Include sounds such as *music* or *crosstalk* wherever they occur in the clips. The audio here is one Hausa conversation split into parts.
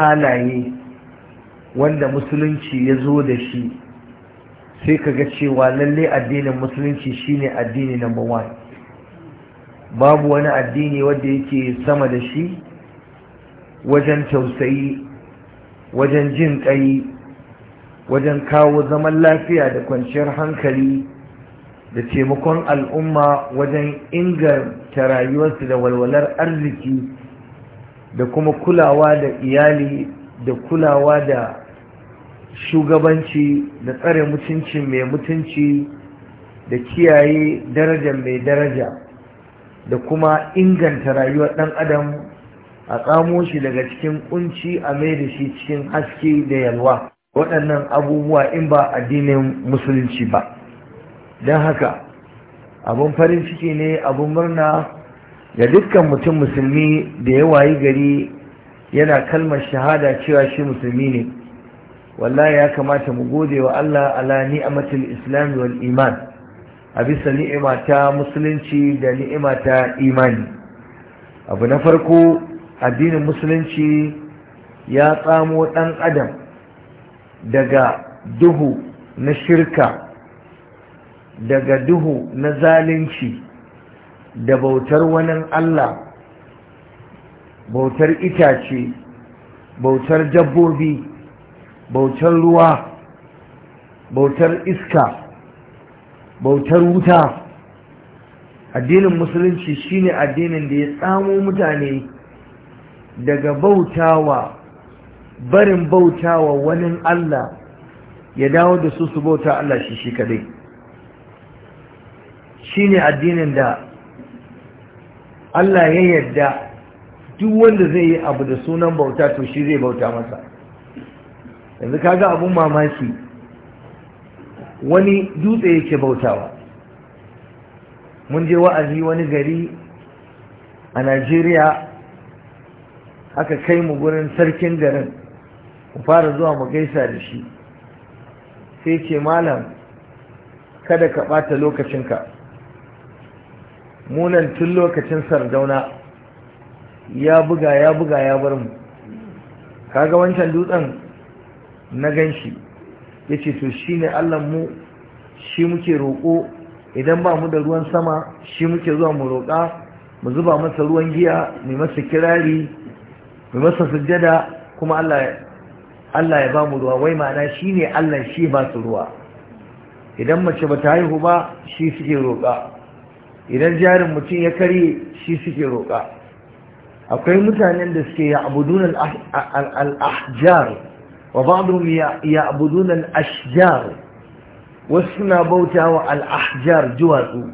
halaye wanda musulunci ya zo da shi sai ka ga cewa lalle addinin musulunci shine addini number one babu wani addini wanda yake sama da shi wajen tausayi wajen jin ƙai wajen kawo zaman lafiya da kwanciyar hankali da taimakon al'umma wajen inganta rayuwarsu da walwalar arziki da kuma kulawa da iyali da kulawa da shugabanci da tsare mutunci mai mutunci da kiyaye daraja mai daraja da kuma inganta rayuwar ɗan adam a tsamo shi daga cikin kunci a mai da shi cikin haske da yalwa waɗannan abubuwa in ba addinin musulunci ba don haka abin farin ciki ne abin murna ga dukkan mutum musulmi da ya wayi gari yana kalmar shahada cewa shi musulmi ne wallahi ya kamata mu gode wa Allah ala ni'matul islam wal iman a bisa ni'ima ta musulunci da ni'ima ta imani abu na farko addinin musulunci ya tsamo ɗan adam daga duhu na shirka daga duhu na zalunci da bautar wani Allah bautar itace bautar dabbobi bautar ruwa bautar iska bautar wuta addinin musulunci shine addinin da ya tsamo mutane daga bautawa barin bautawa wani Allah ya dawo da su su bauta Allah shi shi kadai shine addinin da Allah ya yarda duk wanda zai yi abu da sunan bauta to shi zai bauta masa yanzu kaga abun mamaki wani dutse yake bautawa mun je wa'azi wani gari a Najeriya aka kai mu gurin sarkin garin mu fara zuwa mu gaisa da shi sai ce malam kada ka ɓata lokacinka munan tun lokacin sardauna ya buga ya buga ya bar mu kaga wancan dutsen na ganshi ya ce to shi ne mu shi muke roƙo idan ba mu da ruwan sama shi muke zuwa mu roƙa mu zuba masa ruwan giya mai masa kirari mai masa sujjada kuma Allah ya ba mu ruwa wai ma'ana shi ne Allah shi ba su ruwa idan mace ba ta haihu ba shi suke roƙa idan jarin mutum ya karye shi suke roƙa akwai mutanen da suke ya'budun al-ahjar wa ba'dhum al-ashjar wasu suna bautawa al-ahjar duwatsu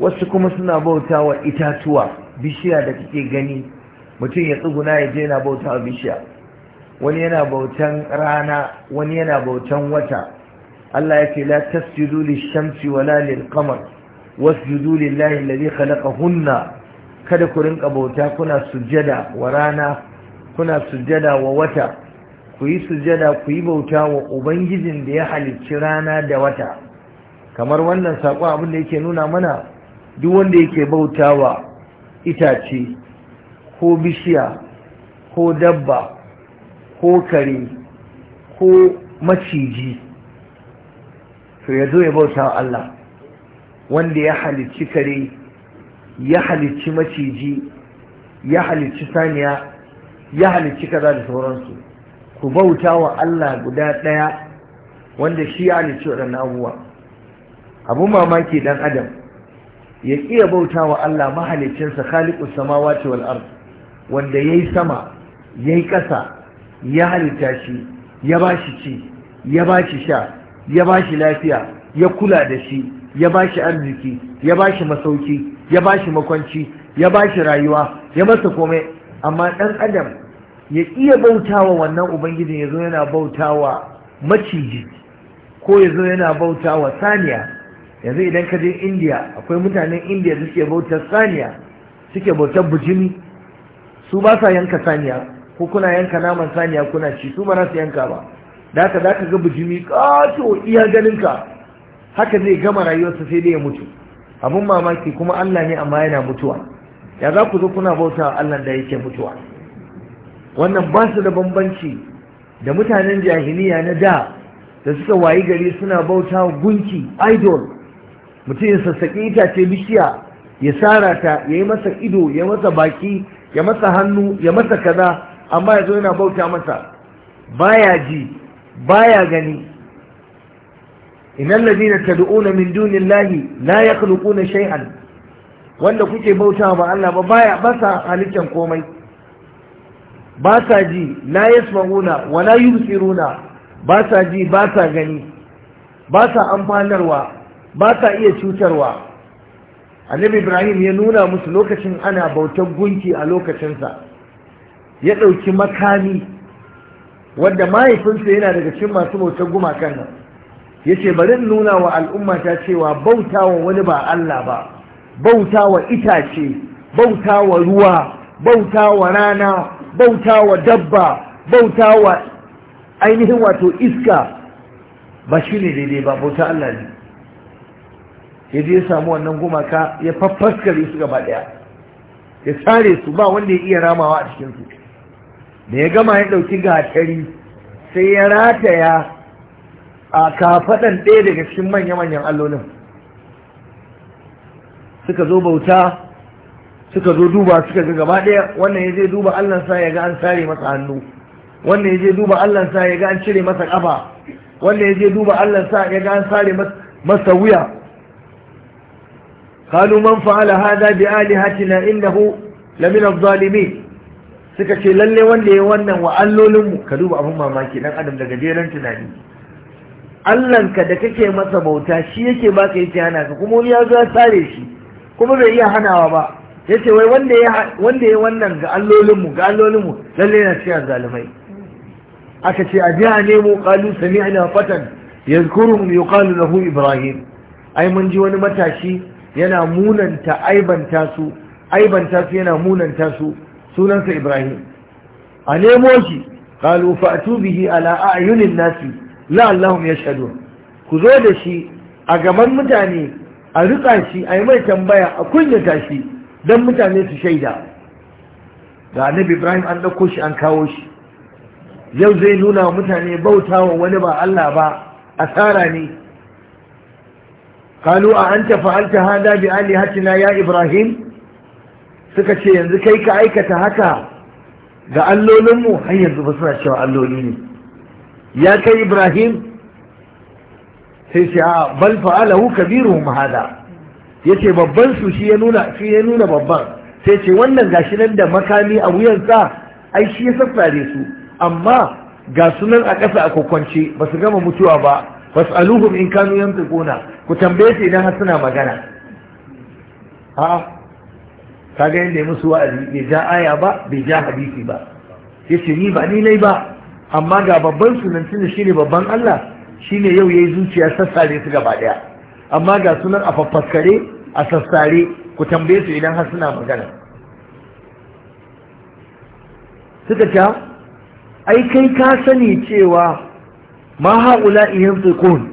wasu kuma suna bautawa itatuwa bishiya da kake gani mutum ya tsuguna ya je yana bautawa bishiya wani yana bautan rana wani yana bautan wata Allah ya ce la tasjudu lish-shamsi wala lil-qamar wasjudu lillahi alladhi khalaqahunna kada ku rinka bauta kuna sujjada wa rana kuna sujjada wa wata ku yi sujjada ku yi bauta wa ubangijin da ya halicci rana da wata kamar wannan saƙo abin da yake nuna mana duk wanda yake bauta wa itace ko bishiya ko dabba ko kare ko maciji to ya zo ya bauta wa Allah wanda ya halicci kare ya halicci maciji ya halicci saniya ya halicci kaza da sauransu ku bauta wa Allah guda ɗaya wanda shi ya halicci waɗannan abubuwa abun mamaki dan adam ya iya bauta wa Allah mahalicinsa khaliqus samawati wal ard wanda yayi sama yayi ƙasa ya halitta shi ya bashi ci ya bashi sha ya bashi lafiya ya kula da shi ya ba shi arziki ya ba shi masauki ya ba shi makwanci ya ba shi rayuwa ya masa komai amma ɗan adam ya iya bautawa wannan ubangijin ya zo yana bautawa maciji ko ya zo yana bautawa saniya yanzu idan ka je indiya akwai mutanen indiya da suke bautar saniya suke bautar bujimi su ba sa yanka saniya ko kuna yanka naman saniya kuna ci su ba za su yanka ba da ka za ka ga bujimi ƙato iya ganinka haka zai gama rayuwarsa sai dai ya mutu abun mamaki kuma Allah ne amma yana mutuwa ya za ku zo kuna bauta wa Allah da yake mutuwa wannan ba su da bambanci da mutanen jahiliya na da da suka wayi gari suna bauta wa gunki idol mutum ya sassaƙi itace bishiya ya sara ta ya yi masa ido ya masa baki ya masa hannu ya masa kaza amma ya zo yana bauta masa baya ji baya gani innal ta tad'una min dunillahi la yakhluquna shai'an. wanda kuke bauta wa Allah ba baya ba sa halittar komai ba sa ji la yasma'una wa la yubsiruna ba sa ji ba sa gani ba sa amfanarwa ba sa iya cutarwa annabi ibrahim ya nuna musu lokacin ana bautar gunki a lokacinsa ya ɗauki makami wadda mahaifinsa yana daga cikin masu bautar gumakan nan yace bari in nuna wa al'umma ta cewa bautawa wani ba Allah ba bautawa itace bautawa ruwa bautawa rana bautawa dabba bautawa ainihin wato iska ba shi ne daidai ba bauta Allah ne ya je ya samu wannan gumaka ya faffaskar su gaba daya ya tsare su ba wanda ya iya ramawa a cikinsu da ya gama ya ɗauki gatari sai ya rataya a kafaɗan ɗaya daga cikin manya-manyan allolin suka zo bauta suka zo duba suka ga gaba ɗaya wannan ya je duba allansa ya ga an sare masa hannu wannan ya je duba allansa ya ga an cire masa ƙafa wannan ya je duba allansa ya ga an sare masa wuya man قالوا من فعل هذا بآلهتنا إنه لمن الظالمين suka ce lalle wanda ya wannan wa allolinmu ka duba abin mamaki dan adam daga jeran tunani Allahnka da kake masa bauta shi yake baka ka yake hana ka kuma wani ya zo ya sare shi kuma bai iya hanawa ba ya ce wai wanda ya wannan ga allolinmu ga allolinmu lallai na cikin zalimai aka ce a jiha nemo kalu sami'na fatan yazkurum yuqalu lahu ibrahim ai mun ji wani matashi yana munanta aibanta su aibanta su yana munanta su sunansa ibrahim a nemo shi kalu fa'atu bihi ala a'yunin nasi la'allahum yashhadun ku zo da shi a gaban mutane a rika shi a yi mai tambaya a kunyata shi don mutane su shaida ga annabi ibrahim an ɗauko shi an kawo shi yau zai nuna wa mutane bautawa wani ba allah ba asara ne kalu a an ta hada bi alihatina ya ibrahim suka ce yanzu kai ka aikata haka ga allolinmu har yanzu ba suna cewa alloli ne ya kai ibrahim sai shi a bal fa'alahu kabiruhum hada yace babban su shi ya nuna shi ya nuna babban sai ce wannan gashi nan da makami a wuyan sa, ai shi ya sassare su amma ga sunan a kasa a kwakwance ba su gama mutuwa ba fas'aluhum in kanu yantiquna ku tambaye su idan har suna magana a kaga yanda musu wa'azi bai ja aya ba bai ja hadisi ba yace ni ba ni nai ba amma ga babban sunan shi shine babban Allah shine yau yayi zuciya sassare su gaba daya amma ga sunan a faffaskare a sassare ku tambaye su idan har suna magana suka ce ai kai ka sani cewa ma haula iyan tsakon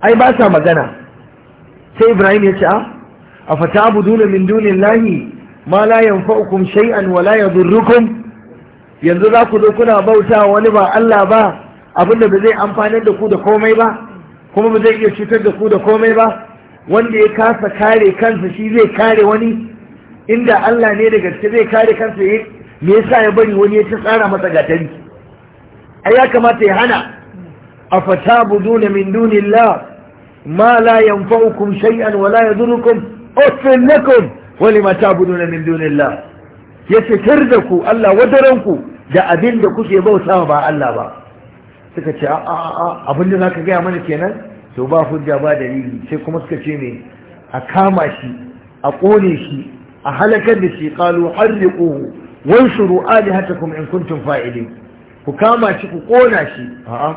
ai ba sa magana sai ibrahim ya ce a fata abu dole min dunin lahi ma la yanfa'ukum shay'an wa la yadurrukum yanzu za ku zo kuna bauta wani ba Allah ba abinda ba zai amfanar da ku da komai ba kuma ba zai iya cutar da ku da komai ba wanda ya kasa kare kansa shi zai kare wani inda Allah ne da gaske zai kare kansa ya me yasa ya bari wani ya ci tsara masa gatari ai ya kamata ya hana afatabuduna min dunillah ma la yanfa'ukum shay'an wa la yadurrukum uffin wa lima ta'buduna min dunillah ya fitar da ku Allah wadaranku da abin da kuke bautawa ba Allah ba suka ce a a abin da zaka gaya mana kenan to ba hujja ba dalili sai kuma suka ce ne a kama shi a kone shi a halakar da shi qalu harriquhu wanshuru alihatakum in kuntum fa'ilin ku kama shi ku kona shi a'a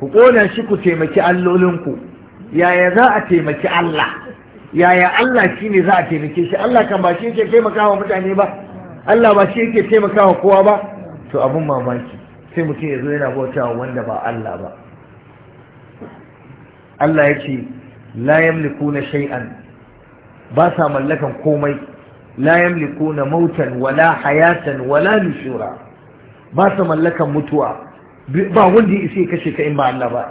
ku kona shi ku taimaki allolinku yaya za a taimaki Allah yaya Allah shi ne za a taimake shi Allah kan ba shi yake taimakawa mutane ba Allah ba shi yake taimakawa kowa ba to abin mamaki sai mutum ya zo yana bautawa wanda ba Allah ba Allah ya ce la yamlikuna shay'an ba sa mallakan komai la yamlikuna mautan wala hayatan wala nushura ba sa mallakan mutuwa ba wanda ya isa ya kashe ka in ba Allah ba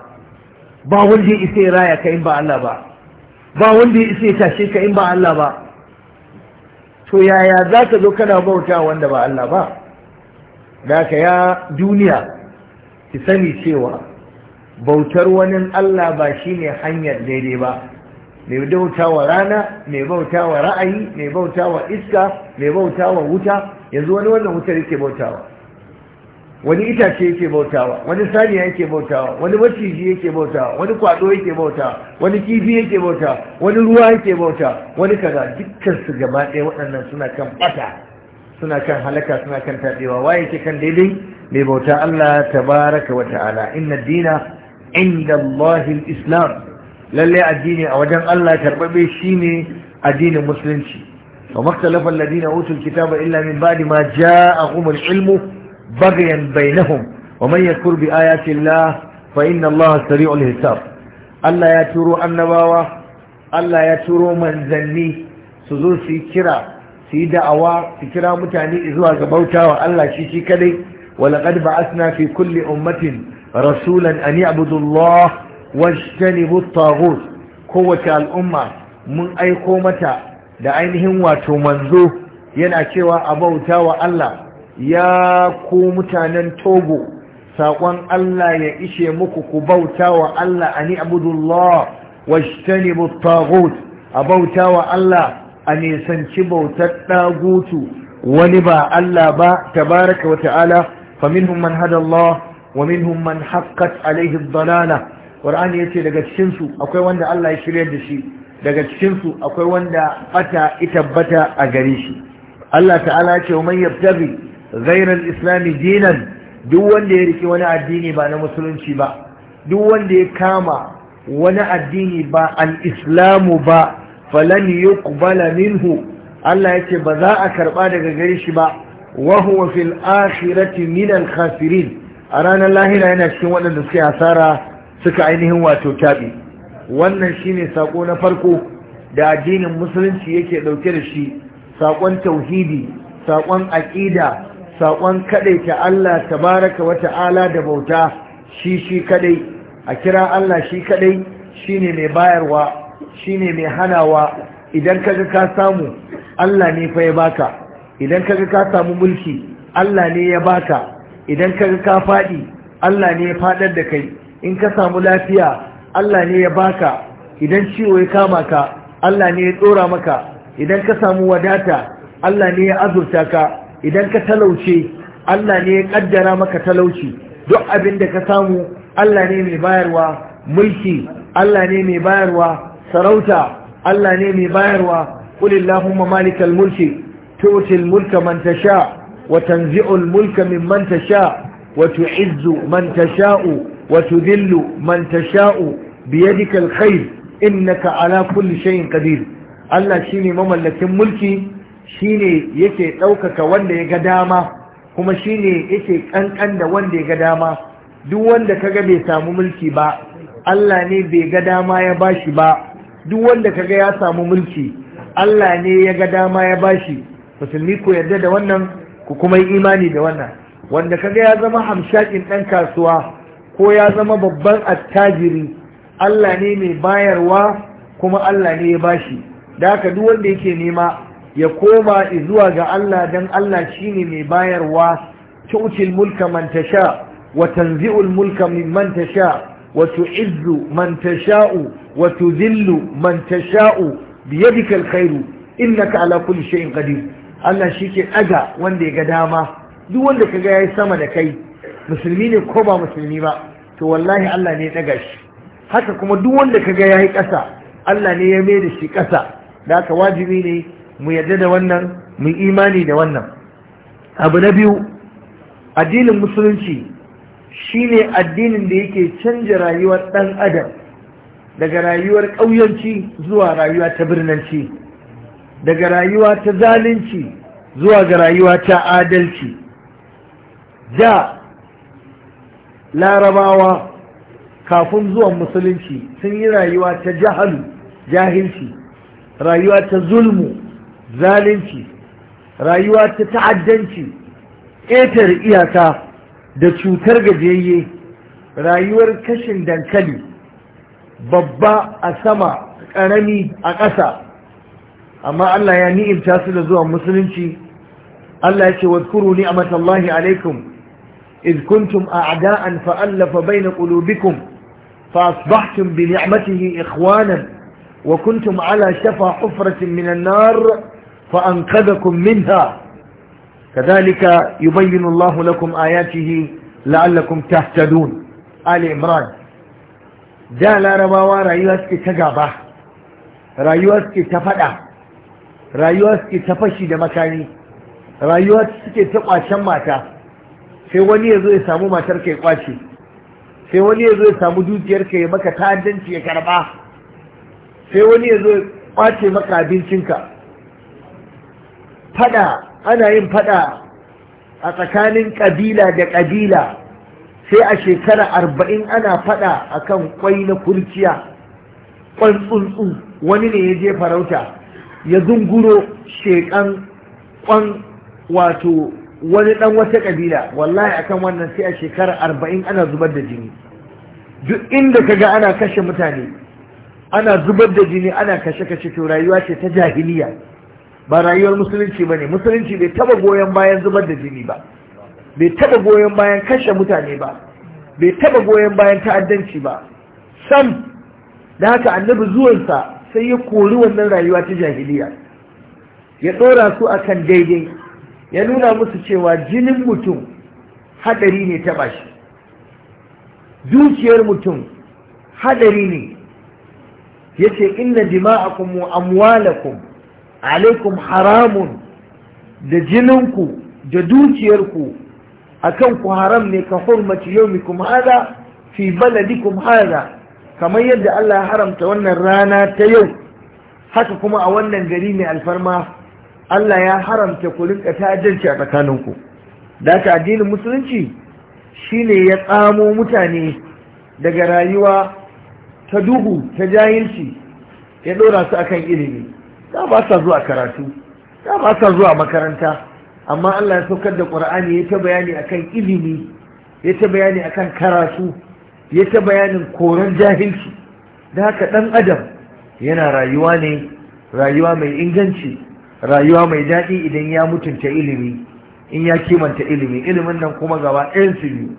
ba wanda ya isa ya raya ka in ba Allah ba ba wanda ya isa ya tashe ka in ba Allah ba to yaya za ka zo kana bauta wanda ba Allah ba da ka ya duniya ki sani cewa bautar wani Allah ba shine hanyar daidai ba mai bauta wa rana mai bauta wa ra'ayi mai bauta wa iska mai bauta wa wuta yanzu wani wannan wutar yake bautawa wani itace yake bautawa wani saniya yake bautawa wani maciji yake bautawa wani kwado yake bautawa wani kifi yake bautawa wani ruwa yake bautawa wani kaza dukkan su gaba ɗaya waɗannan suna kan bata suna kan halaka suna kan taɗewa waye ke kan daidai mai bauta Allah tabaraka wa ta'ala inna dina inda Allahil Islam lalle addini a wajen Allah karbabe shine addinin musulunci wa maktalafa alladina utul kitaba illa min ba'di ma a al-ilmu baghyan bainahum wa man yakfur bi ayati Allah fa inna Allah sari'ul hisab Allah ya turo annabawa Allah ya turo manzanni su zo su kira su yi da'awa su kira mutane zuwa ga bautawa Allah shi kadai wani ƙarfi a fi kulle ummatin rasulan a ni abudullah wajtani mustahus kowace al'umma mun aiko mata da ainihin wato manzo yana cewa a bauta Allah ya ku mutanen togo saƙon Allah ya ishe muku ku Bautawa wa Allah a ni abudullah wajtani mustahus a Allah a nisanci bautar ɗagutu wani ba Allah ba tabaraka wa ta'ala fa minhum man hada Allah wa minhum man haqqat alaihi ad-dalala Qur'ani yace daga cikin su akwai wanda Allah ya shirya da shi daga cikin su akwai wanda bata ita bata a gare shi Allah ta'ala yace man yabtaghi ghayra al-islam dinan duk wanda ya riki wani addini ba na musulunci ba duk wanda ya kama wani addini ba al-islamu ba falan yuqbala minhu Allah yace ba za a karba daga gare shi ba wa huwa fil akhirati min al khasirin a ranar lahira yana cikin waɗanda suka hasara suka ainihin wato tabi wannan shine sako na farko da addinin musulunci yake dauke da shi sakon tauhidi sakon aqida sakon kadaita Allah tabaaraka wa ta'ala da bauta shi shi kadai a kira Allah shi kadai shine mai bayarwa Shi ne mai hanawa idan kaga ka samu Allah ne fa ya baka idan kaga ka samu mulki Allah ne ya baka idan kaga ka fadi Allah ne ya faɗar da kai in ka samu lafiya Allah ne ya baka idan ciwo ya kama ka Allah ne ya dora maka idan ka samu wadata Allah ne ya azurta ka idan ka talauce Allah ne ya kaddara maka talauci duk abin da ka samu Allah ne mai bayarwa mulki Allah ne mai bayarwa sarauta Allah ne mai bayarwa kulillahu ma malikal mulki tu'ti mulka man tasha wa mulka min tasha wa tu'izzu man tasha'u wa tudhillu man dikal biyadika innaka ala kulli shay'in qadir Allah shine mamallakin mulki shine yake ɗaukaka wanda ya ga dama kuma shine yake ƙanƙan da wanda ya ga dama duk wanda kaga bai samu mulki ba Allah ne bai ga dama ya bashi ba duk wanda kaga ya samu mulki Allah ne ya ga dama ya bashi musulmi ku yarda da wannan ku kuma yi imani da wannan wanda kaga ya zama hamshakin ɗan kasuwa ko ya zama babban attajiri Allah ne mai bayarwa kuma Allah ne ya bashi da haka duk wanda yake nema ya koma zuwa ga Allah dan Allah shine mai bayarwa tu'til mulka man tasha wa tanzi'ul mulka mimman tasha Wato وتعز من تشاء وتذل من تشاء بيدك الخير إنك على كل شيء قدير Allah shi ke ɗaga wanda ya ga dama duk wanda ka ga ya yi sama da kai musulmi ne ko ba musulmi ba to wallahi Allah ne ya ɗaga shi haka kuma duk wanda ka ga ya yi ƙasa Allah ne ya mai da shi ƙasa da haka wajibi ne mu yarda da wannan mu imani da wannan abu na biyu addinin musulunci Shi ne addinin da yake canja rayuwar ɗan adam daga rayuwar ƙauyanci zuwa rayuwa ta birnanci daga rayuwa ta zalunci zuwa ga rayuwa ta adalci da larabawa kafin zuwan musulunci sun yi rayuwa ta jahalu jahilci rayuwa ta zulmu zalunci rayuwa ta ta'addanci ƙetar iyaka da cutar gajiyayye rayuwar kashin dankali babba a sama ƙarami a ƙasa amma Allah ya ni'imta su da zuwa musulunci Allah ya ce wadkuru ni'matallahi alaikum إذ كنتم أعداء فألف بين قلوبكم فأصبحتم بنعمته إخوانا وكنتم على شفا حفرة من النار kun minta كذلك يبين الله لكم آياته لعلكم تهتدون آل عمران دا لا رباوا رأيوسك تقابة رأيوسك تفدع رأيوسك تفشي دمكاني رأيوسك تقوى شماتا sai wani ya zo ya samu matar ya kwace sai wani ya zo ya samu dukiyar ya maka ta'addanci ya karba sai wani ya zo ya kwace maka abincinka faɗa. ana yin fada a tsakanin kabila da kabila sai a shekara arba'in ana fada kan kwai na kurciya kwan tsuntsu wani ne ya je farauta ya zunguro shekan kwan wato wani dan wata kabila wallahi akan wannan sai a shekara arba'in ana zubar da jini duk inda ka ga ana kashe mutane ana zubar da jini ana kashe kashe to rayuwa ce ta jahiliya ba rayuwar musulunci ba ne musulunci bai taba goyon bayan zubar da jini ba bai taba goyon bayan kashe mutane ba bai taba goyon bayan ta'addanci ba sam da haka annabi zuwansa sai ya kori wannan rayuwa ta jahiliya ya ɗora su akan daidai ya nuna musu cewa jinin mutum hadari ne ta bashi dukiyar mutum haɗari ne yace inna dima'akum wa amwalakum alaikum haramun da jininku da dukiyarku akan ku haram ne ka hurmaci kuma hada fi baladikum hada kamar yadda Allah ya haramta wannan rana ta yau haka kuma a wannan gari mai alfarma Allah ya haramta ku ta ta'addanci a tsakaninku da haka addinin musulunci shine ya tsamo mutane daga rayuwa ta duhu ta jahilci ya ɗora su akan ilimi da ba sa zuwa karatu da ba sa zuwa makaranta amma Allah ya saukar da Qur'ani ya ta bayani akan ilimi ya ta bayani akan karatu ya ta bayanin koran jahilci da haka ɗan adam yana rayuwa ne rayuwa mai inganci rayuwa mai daɗi idan ya mutunta ilimi in ya kimanta ilimi ilimin nan kuma gaba ɗayan su biyu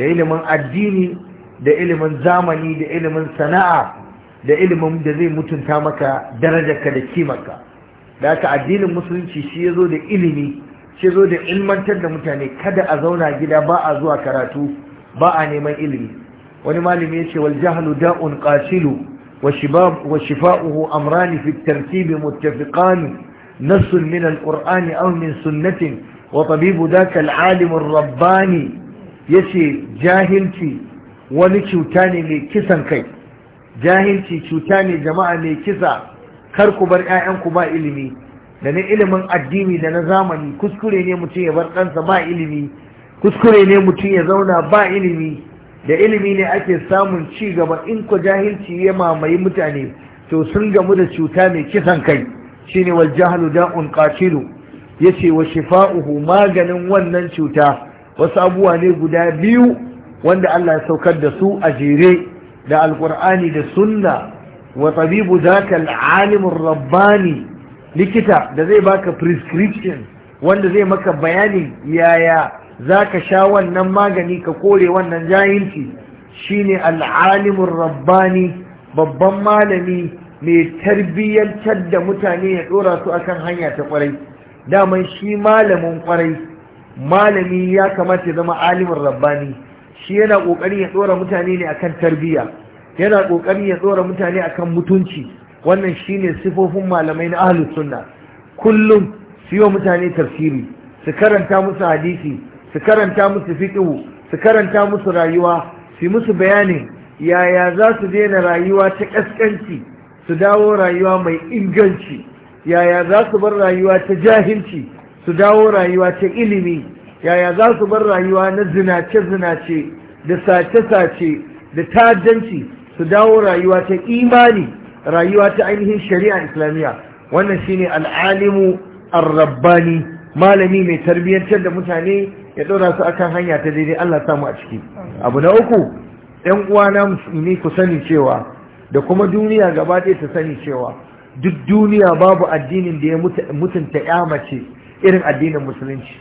da ilimin addini da ilimin zamani da ilimin sana'a da ilimin da zai mutunta maka darajarka da kimarka da haka addinin musulunci shi ya zo da ilimi shi zo da ilmantar da mutane kada a zauna gida ba a zuwa karatu ba a neman ilimi wani malami ya ce wal jahlu da'un qatilu wa shifa'uhu amrani fi tartib muttafiqan nass min al-qur'an aw min sunnatin wa tabibu daka al-alim ar-rabbani yace jahilci wani cuta ne mai kisan kai jahilci cuta ne jama'a mai kisa kar ku bar ku ba ilimi da na ilimin addini da na zamani kuskure ne mutum ya bar ɗansa ba ilimi kuskure ne mutum ya zauna ba ilimi da ilimi ne ake samun ci gaba in ku jahilci ya mamaye mutane to sun gamu da cuta mai kisan kai shine wal jahlu da'un qatilu yace wa shifa'uhu maganin wannan cuta wasu abubuwa ne guda biyu wanda Allah ya saukar da su a jere da alkur'ani da sunna wa tabibu zaka al'alimin rabbani likita da zai baka prescription wanda zai maka bayani yaya zaka sha wannan magani ka kore wannan jahilci shine al'alimin rabbani babban malami mai tarbiyyantar da mutane ya dora su akan hanya ta kwarai daman shi malamin kwarai malami ya kamata ya zama alimin rabbani shi yana kokari ya tsora mutane ne akan tarbiyya yana kokari ya tsora mutane akan mutunci wannan shine sifofin malamai na ahlus sunna kullum su mutane tafsiri su karanta musu hadisi su karanta musu fiqh su karanta musu rayuwa su musu bayanin yaya za su daina rayuwa ta kaskanci su dawo rayuwa mai inganci yaya za su bar rayuwa ta jahilci su dawo rayuwa ta ilimi yaya za su bar rayuwa na zinace-zinace da sace-sace da ta'addanci su dawo rayuwa ta imani rayuwa ta ainihin shari'a islamiyya wannan shine al'alimu ar-rabbani malami mai tarbiyyantar da mutane ya ɗora su akan hanya ta daidai Allah samu a ciki abu na uku ɗan uwana musulmi ku sani cewa da kuma duniya gaba ɗaya ta sani cewa duk duniya babu addinin da ya mutunta ya mace irin addinin musulunci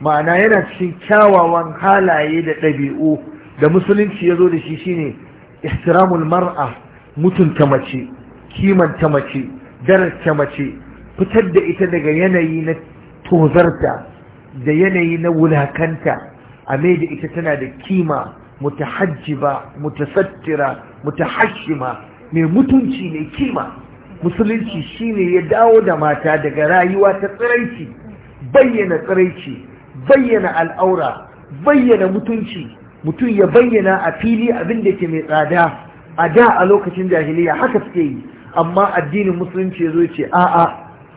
ma'ana yana cikin kyawawan halaye da ɗabi'u da musulunci ya zo da shi shine ihtiramul mar'a mutunta mace kimanta mace darasta mace fitar da ita daga yanayi na tozarta da yanayi na wulakanta a mai da ita tana da kima mutahajjiba mutasattira mutahashima mai mutunci mai kima musulunci shine ya dawo da mata daga rayuwa ta tsiraici bayyana tsiraici bayyana al'aura bayyana mutunci mutum ya bayyana a fili abin da ke mai tsada a da a lokacin jahiliya haka suke yi amma addinin musulunci ya zo ce a'a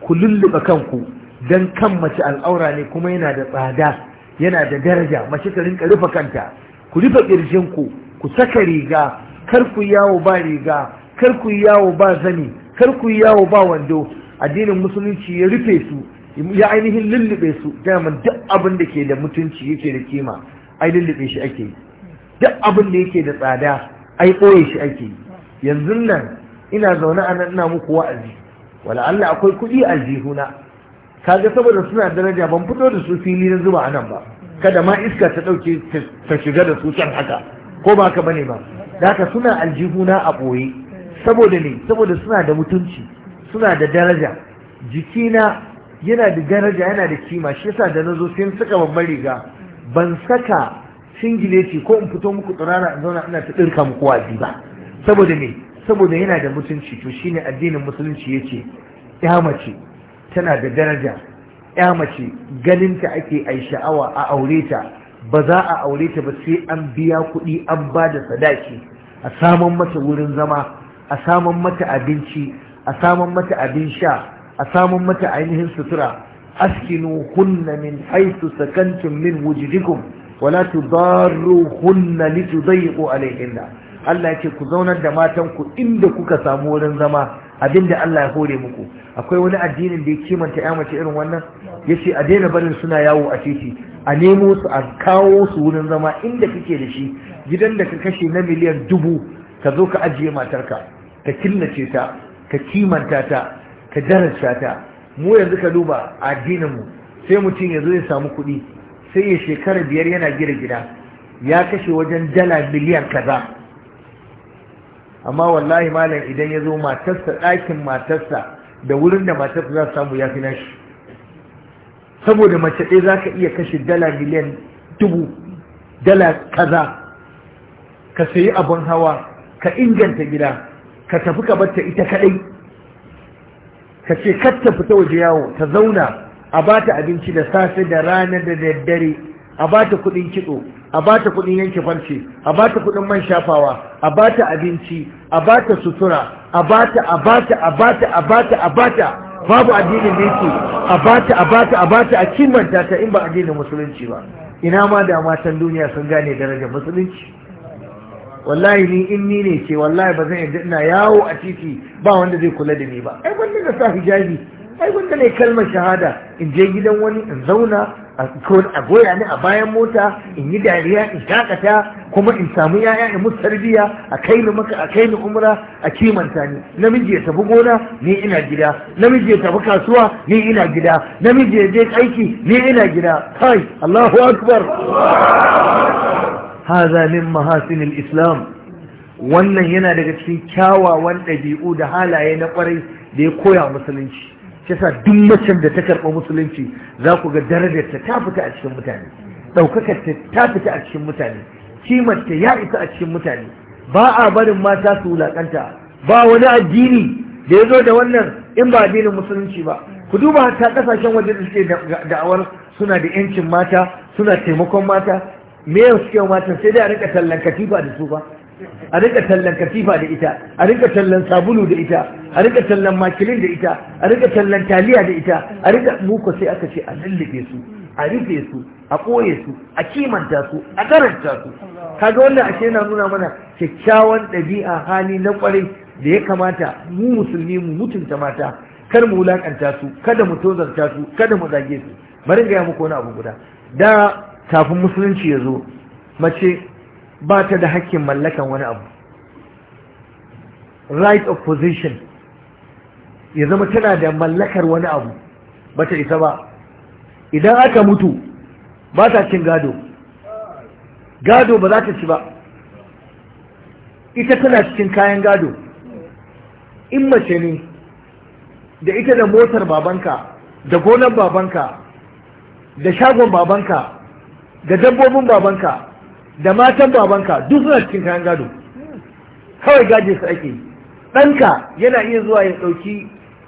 ku lulluɓe kanku don kan mace al'aura ne kuma yana da tsada yana da daraja mace ta rinka rufe kanta ku rufe ƙirjinku ku saka riga kar ku yawo ba riga kar ku yawo ba zani kar ku yawo ba wando addinin musulunci ya rufe su ya ainihin lullube su daman duk abin da ke da mutunci yake da kima ai lullube shi ake yi duk abin da yake da tsada ai koye shi ake yi yanzu nan ina zaune a nan ina muku wa'azi wala Allah akwai kuɗi a jihuna kaga saboda suna daraja ban fito da su fili na zuba anan nan ba kada ma iska ta ɗauke ta shiga da su can haka ko ba ka bane ba Daka haka suna aljihuna a boye saboda ne saboda suna da mutunci suna da daraja jikina yana da daraja yana da kima shi yasa da na zo sai saka babbar riga ban saka singileti ko in fito muku tsirara in zauna ina ta dirka muku wazi ba saboda me saboda yana da mutunci to shine addinin musulunci yace ya mace tana da daraja ya mace ganin ta ake ai sha'awa a aure ta ba za a aure ta ba sai an biya kuɗi an ba da sadaki a saman mata wurin zama a saman mata abinci a saman mata abin sha a samun mata ainihin sutura askinu hunna min haitu sakantum min wujudikum wala tudarru hunna litudayyiqu alayhinna Allah yake ku zaunar da matan ku inda kuka samu wurin zama abinda Allah ya hore muku akwai wani addinin da ya kimanta ya mace irin wannan Ya ce a daina barin suna yawo a titi a nemo su a kawo su wurin zama inda kake da shi gidan da ka kashe na miliyan dubu ka zo ka ajiye matarka ka killace ta ka kimanta ta ka daraja ta mu yanzu ka duba addinin mu sai mutum ya zo ya samu kuɗi sai ya shekara biyar yana gina gida ya kashe wajen dala miliyan kaza amma wallahi malam idan ya zo matarsa ɗakin matarsa da wurin da matarsa za su samu ya fi nashi saboda mace ɗaya za ka iya kashe dala miliyan dubu dala kaza ka sayi abin hawa ka inganta gida ka tafi ka ta ita kaɗai ka ce kar ta fita waje yawo ta zauna a ba ta abinci da safe da rana da daddare a ba ta kuɗin kitso a ba ta kuɗin yanke farce a ba ta kuɗin man shafawa a ba ta abinci a ba ta sutura a ba ta a ba ta a ba ta a ba ta a ba ta babu addinin da yake a ba ta a ba ta a ba ta a kimanta ta in ba addinin musulunci ba ina ma da matan duniya sun gane darajar musulunci wallahi ni in ni ne ce wallahi ba zan yadda ina yawo a titi ba wanda zai kula da ni ba ai wanda da sa hijabi ai wanda ne kalmar shahada in je gidan wani in zauna a goya ni a bayan mota in yi dariya in shakata kuma in samu yaya in musu tarbiya a kai ni maka a kai ni umra a kimanta ni namiji ya tafi gona ni ina gida namiji ya tafi kasuwa ni ina gida namiji ya je aiki ni ina gida kai Allahu akbar هذا من محاسن islam wannan yana daga cikin kyawawan ɗabi'u da halaye na kwarai da ya koya musulunci shi sa duk macen da ta karɓa musulunci za ku ga darajarta ta fita a cikin mutane ɗaukakar ta fita a cikin mutane ta ya isa a cikin mutane ba a barin mata su wulaƙanta ba wani addini da ya zo da wannan in ba addinin musulunci ba ku duba ta kasashen waje da suke da'awar suna da yancin mata suna taimakon mata me yau suke matan sai dai a rika tallan katifa da su ba a rika tallan katifa da ita a rika tallan sabulu da ita a rika tallan makilin da ita a rika tallan taliya da ita a rika muku sai aka ce a lullube su a rufe su a koye su a kimanta su a karanta su kaga wannan ashe yana nuna mana kyakkyawan ɗabi'a hali na kwarai da ya kamata mu musulmi mu mutunta mata kar mu wulakanta su kada mu tozarta su kada mu zage su bari ga ya muku wani abu guda da kafin musulunci ya zo mace ba ta da hakkin mallakan wani abu right of position ya zama tana da mallakar wani abu ba ta isa ba idan aka mutu ba ta cin gado gado ba za ta ci ba ita tana cikin kayan gado in mace ne da ita da motar babanka da gonar babanka da shagon babanka da dabbobin babanka da matan babanka duk suna cikin kayan gado kawai gaje su ake ɗanka yana iya zuwa ya ɗauki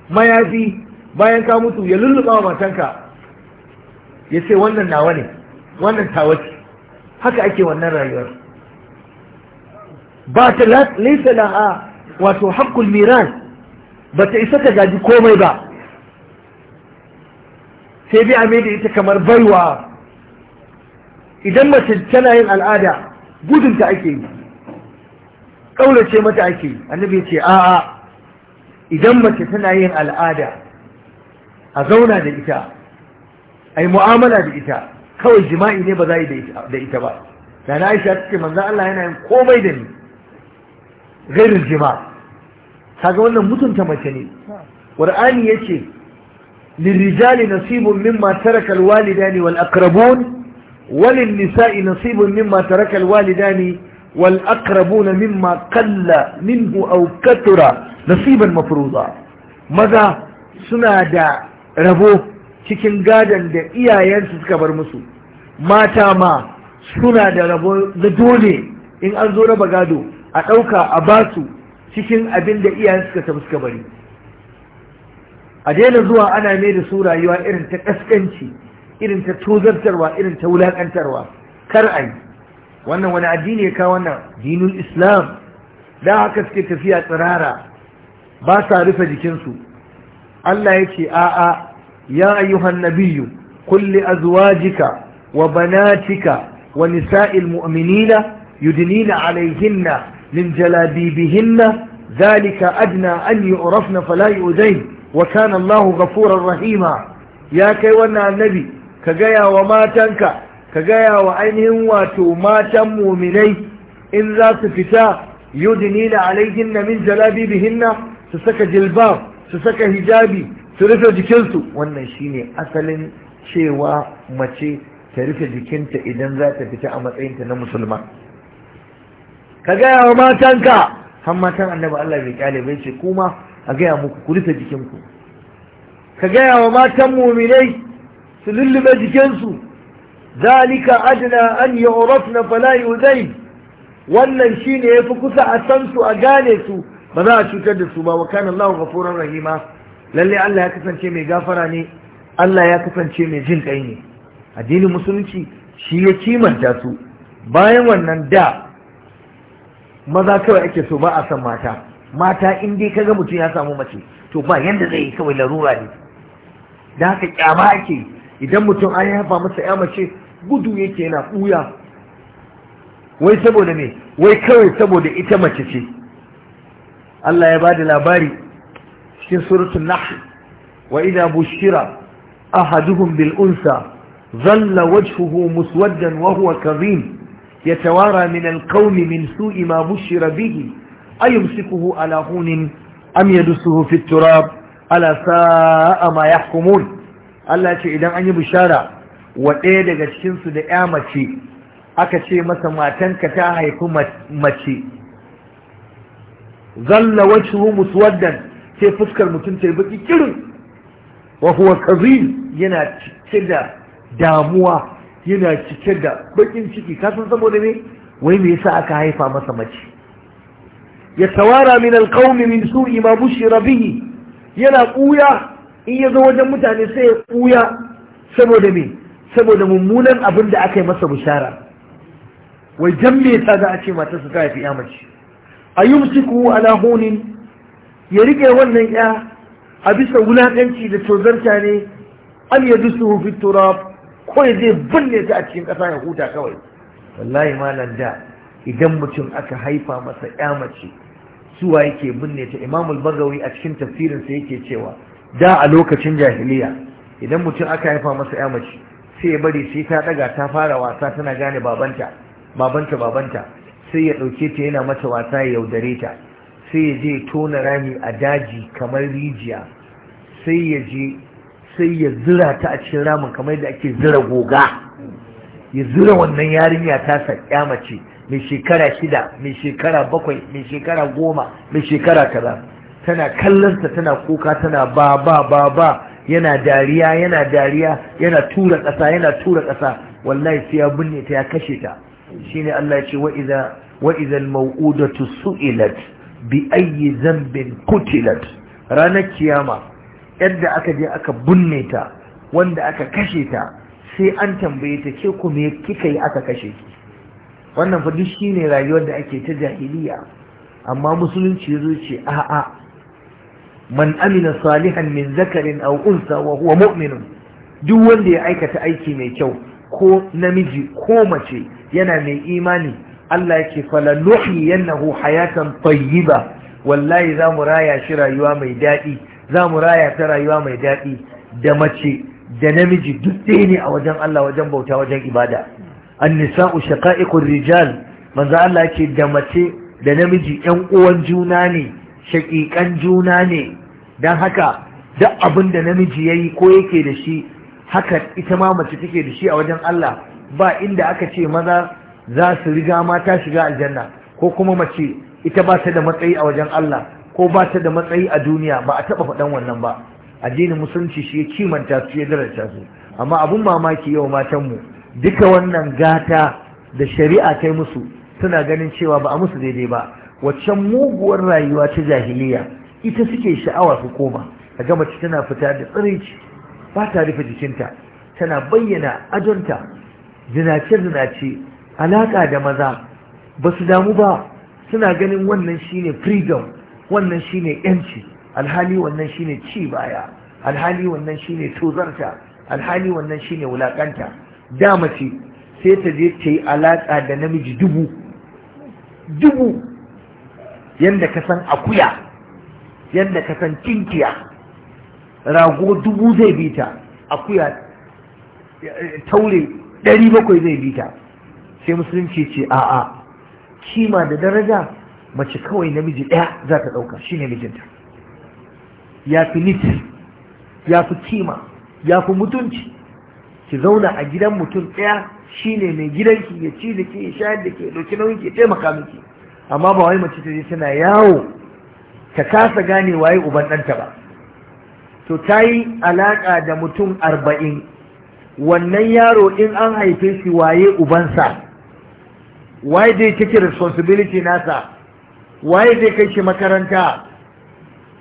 mayafi bayan ka mutu ya lulluɓa matanka ya ce wannan nawa ne wannan tawaci haka ake wannan rayuwar ba ta laisa laha wato haƙƙul miran ba ta isa ka gaji komai ba sai bi a da ita kamar baiwa idan mace tana yin al'ada gudunta ake yi ƙaurace mata ake yi annabi ce a'a idan mace tana yin al'ada a zauna da ita a yi mu'amala da ita kawai jima'i ne ba za yi da ita ba da na aisha ta manzan Allah yana yin komai da ni gairin jima'i kaga wannan mutunta mace ne ƙur'ani ya ce lirijali nasibun mimma tarakal walidani wal akrabun walin nisa'i nasibun mimma walida ne, wal aqrabuna mimma qalla minhu aw nasiban mafuroza. maza suna da rabo cikin gadon da iyayensu suka bar musu mata ma suna da rabo da dole in an zo raba gado a ɗauka a basu cikin abin da iyayensu suka tafi suka bari a daina zuwa ana mai da su rayuwa irin ta ƙasƙanci irin ta tozartarwa irin ta wulakantarwa kar a yi wannan wani addini ya kawo wannan dinul islam da haka suke tafiya tsirara ba sa rufe jikinsu Allah ya ce a'a ya ayyuhan nabiyyu kulli azwajika wa banatika wa nisa'il mu'minina yudnina alayhinna min jalabibihinna zalika adna an yu'rafna fala yu'zain wa kana Allahu ghafurar rahima ya kai wannan annabi ka gaya wa matanka ka gaya wa ainihin wato matan muminai in za su fita yudnina alaihinna min jalabibihinna su saka jilbab su saka hijabi su rufe jikinsu wannan shine asalin cewa mace ta rufe jikinta idan za ta fita a matsayinta na musulma ka gaya wa matanka har matan annabi Allah bai kyale bai ce kuma a gaya muku ku rufe jikinku ka gaya wa matan muminai su lullube jikinsu zalika adana an yu'rafna fala yi wannan shi ne ya fi kusa a san su a gane su ba za a cutar da su ba wa kanan Allahu gafuran rahima lalle Allah ya kasance mai gafara ne Allah ya kasance mai jin kai ne addinin musulunci shi ya kimanta su bayan wannan da maza kawai ake so ba a san mata mata in dai kaga mutum ya samu mace to ba yadda zai yi kawai larura ne da haka kyama ake yi idan mutum an haifa masa ya mace gudu yake yana ɓuya wai saboda me wai kawai saboda ita mace ce Allah ya bada labari cikin suratul nahl wa idza bushira ahaduhum bil unsa dhalla wajhuhu muswaddan wa huwa kadhim yatawara min al qawmi min su'i ma bushira bihi ayumsikuhu ala hunin am yadsuhu fit turab ala sa'a ma yahkumun Allah ce idan an yi bishara wa ɗaya daga cikinsu da ya mace aka ce masa matanka ta haifi mace zalla wajhu muswaddan ce fuskar mutum ta yi baki kirin wa huwa yana cike da damuwa yana cike da bakin ciki kasan saboda ne wai me yasa aka haifa masa mace ya tawara min alqawmi min su'i ma bushira bihi yana kuya in ya zo wajen mutane sai ya ɓuya saboda me saboda mummunan abin da aka yi masa bishara wai jan me ta za a ce mata ta haifi ya mace a yi musu kuwa alahunin ya riƙe wannan ya a bisa wulaƙanci da tozarta ne an ya su rufi tura ko ya zai binne ta a cikin ƙasa ya huta kawai wallahi malam da idan mutum aka haifa masa ya mace suwa yake binne ta imamul bagawi a cikin tafsirinsa yake cewa da a lokacin jahiliya idan mutum aka haifa masa ya mace sai ya bari sai ta daga ta fara wasa tana gane babanta babanta babanta sai ya dauke ta yana mata wasa ya yaudare ta sai ya je tona rami a daji kamar rijiya sai ya je sai ya zira ta a cikin ramin kamar yadda ake zira goga ya zira wannan yarinya ta sa mace mai shekara shida mai shekara bakwai mai shekara goma mai shekara kaza tana kallonsa tana kuka tana ba ba ba ba yana dariya yana dariya yana tura ƙasa yana tura ƙasa wallahi sai ya binne ta ya kashe ta shine Allah ya ce wa idza wa idza al-maw'udatu su'ilat bi ayyi dhanbin qutilat ranar kiyama yadda aka je aka binne ta wanda aka kashe ta sai an tambaye ta ke ku me kika yi aka kashe ki wannan fa duk shine rayuwar da ake ta jahiliya amma musulunci yazo ce a'a man amina salihan min zakarin aw unsa wa huwa mu'minun duk wanda ya aikata aiki mai kyau ko namiji ko mace yana mai imani Allah yake fala nuhiyannahu hayatan tayyiba wallahi za mu raya shi rayuwa mai daɗi za mu raya ta rayuwa mai daɗi da mace da namiji duk ɗaya ne a wajen Allah wajen bauta wajen ibada an nisa'u shaqa'iqur rijal manzan Allah yake da mace da namiji 'yan uwan juna ne shaƙiƙan juna ne don haka duk abin da namiji ya yi ko yake da shi haka ita ma mace take da shi a wajen Allah ba inda aka ce maza za su riga mata shiga aljanna ko kuma mace ita ba ta da matsayi a wajen Allah ko ba ta da matsayi a duniya ba a taɓa faɗan wannan ba addinin musulunci shi ya kimanta su ya daraja su amma abun mamaki yau matanmu duka wannan gata da shari'a ta musu suna ganin cewa ba a musu daidai ba waccan muguwar rayuwa ta jahiliya ita suke sha'awa su koma a gama tana fita da tsirici ba ta rufe jikinta tana bayyana ajonta zinace-zinace alaƙa da maza ba su damu ba suna ganin wannan shine freedom wannan shine yanci alhali wannan shine ci baya alhali wannan shine tozarta alhali wannan shine Wulaƙanta. da mace sai ta je ta yi alaƙa da namiji dubu dubu yadda ka san akuya yadda ka san kinkiya rago dubu zai bita akuya eh, taure ɗari bakwai zai bita sai musulunci ce a'a kima da daraja mace kawai namiji ɗaya za ta ɗauka shi ne mijinta ya fi nit ya fi kima ya fi mutunci ki zauna a gidan mutum ɗaya shi ne mai gidanki ya ci da ke ya shayar da ke ɗauki nauyin ke taimaka miki amma ba wai mace ce tana yawo ta kasa gane waye uban ɗanta ba to ta yi alaƙa da mutum arba'in wannan yaro in an haife shi waye ubansa waye zai take responsibility nasa waye zai kai shi makaranta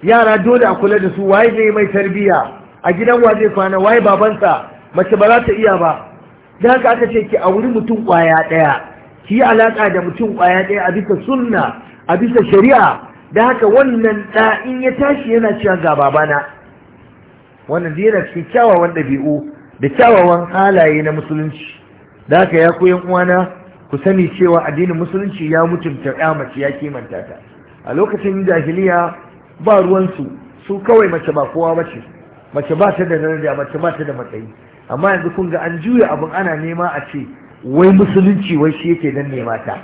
yara dole a kula da su waye zai mai tarbiyya a gidan waje zai kwana waye babansa mace ba za ta iya ba da haka aka ce ki a wuri mutum kwaya ɗaya ki yi alaƙa da mutum ƙwaya ɗaya a bisa sunna a bisa shari'a da haka wannan ɗa in ya tashi yana cewa ga babana wannan dai yana cikin kyawawan ɗabi'u da kyawawan halaye na musulunci da haka ya koyan uwana ku sani cewa addinin musulunci ya mutunta ya mace ya kimanta ta a lokacin jahiliya ba ruwansu su kawai mace ba kowa mace mace ba ta da daraja mace ba ta da matsayi amma yanzu kun ga an juya abin ana nema a ce wai musulunci wai shi yake danne mata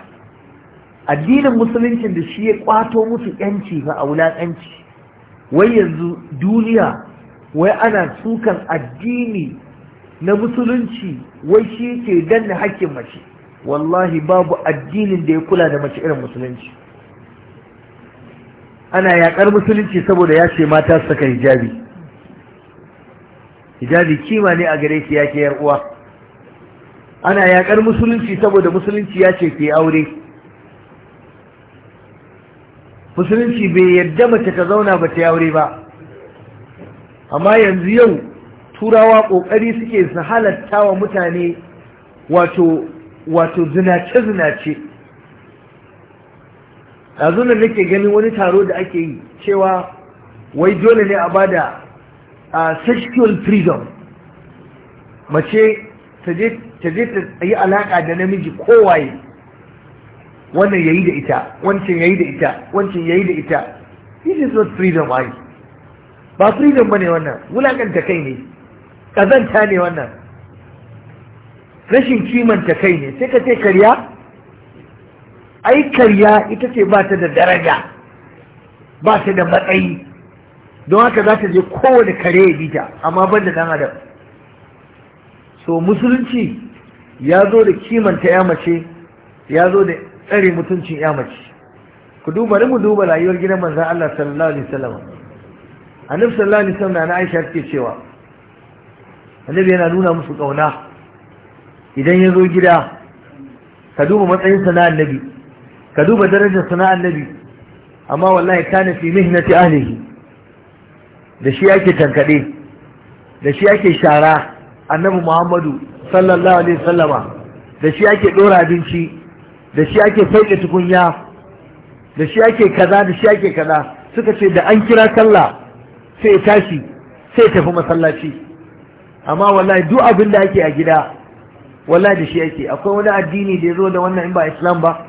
addinin musuluncin da shi ya kwato musu yanci fa a wulakanci wai yanzu duniya wai ana sukan addini na musulunci wai shi yake danne hakkin mace wallahi babu addinin da ya kula da mace irin musulunci ana yakar musulunci saboda ya ce mata saka hijabi hijabi kima ne a gare ya yake yar uwa ana yaƙar musulunci saboda musulunci ya ce ke aure musulunci bai yadda mace ta zauna ba ta aure ba amma yanzu yau turawa ƙoƙari suke su halatta wa mutane wato wato zinace-zinace yanzu da nake ganin wani taro da ake yi cewa wai dole ne a bada a sexual freedom mace ta je ta yi alaƙa da namiji kowaye wannan yayi da ita wancan yayi da ita wancan yayi da ita this is not freedom ai ba freedom bane wannan wulakanta kai ne kazanta ne wannan rashin kimanta kai ne sai ka ce karya ai karya ita ce ba ta da daraja ba ta da matsayi don haka za ta je kowane kare ya bita amma ban da dan adam so musulunci ya zo da kimanta ya mace ya zo da tsare mutuncin ya mace ku duba mu duba rayuwar gidan manzan Allah sallallahu alaihi wasallam annabi sallallahu alaihi wasallam na Aisha take cewa annabi yana nuna musu ƙauna idan ya zo gida ka duba matsayin na annabi ka duba darajar na annabi amma wallahi kana fi mihnati ahlihi da shi ake tankade da shi ake shara annabi muhammadu sallallahu alaihi sallama da shi ake ɗora abinci da shi ake sauke tukunya da shi ake kaza da shi ake kaza suka ce da an kira sallah sai ya tashi sai ya tafi masallaci amma wallahi duk abin da ake a gida wallahi da shi ake akwai wani addini da ya zo da wannan in ba islam ba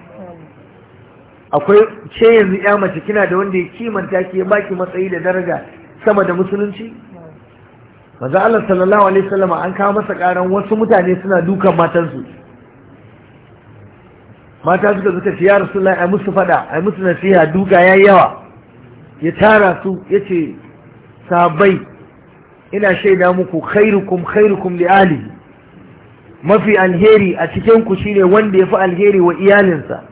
akwai ce yanzu ya mace kina da wanda ya kimanta ki ya baki matsayi da daraja sama da musulunci manzo Allah sallallahu alaihi wasallam an kawo masa karan wasu mutane suna dukan matansu mata suka suka ce ya rasulullahi ai musu fada ai musu nasiha duka yayi yawa ya tara su yace sabai ina shaida muku khairukum khairukum li ali mafi alheri a cikin ku shine wanda yafi alheri wa iyalinsa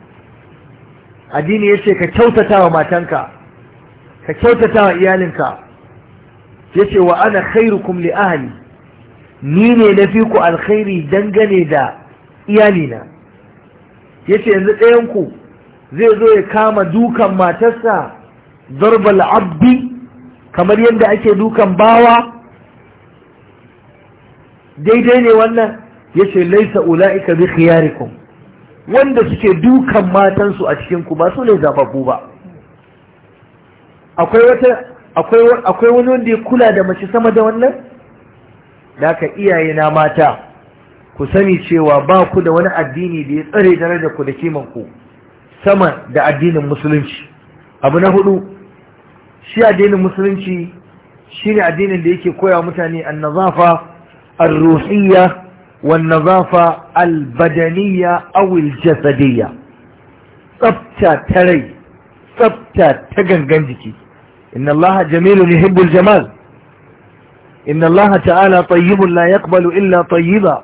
addini yace ka kyautata wa matanka ka kyautata wa iyalinka yace wa ana khairukum li ahli ni ne na fi ku alkhairi dangane da iyalina yace yanzu ɗayanku zai zo ya kama dukan matarsa zarbal abdi kamar yadda ake dukan bawa daidai ne wannan yace laisa ula'ika bi khiyarikum wanda suke dukan matansu a cikin ku ba su ne zababbu ba akwai wata akwai wani wanda ya kula da mace sama da wannan da ka iyaye na mata ku sani cewa ba ku da wani addini da ya tsare da ku da kiman ku sama da addinin musulunci abu na hudu shi addinin musulunci shi ne addinin da yake koya mutane nazafa ar-ruhiyya wan-nazafa al-badaniyya aw al-jasadiyya tsafta ta rai tsafta ta gangan jiki إن الله جميل يحب الجمال إن الله تعالى طيب لا يقبل إلا طيبا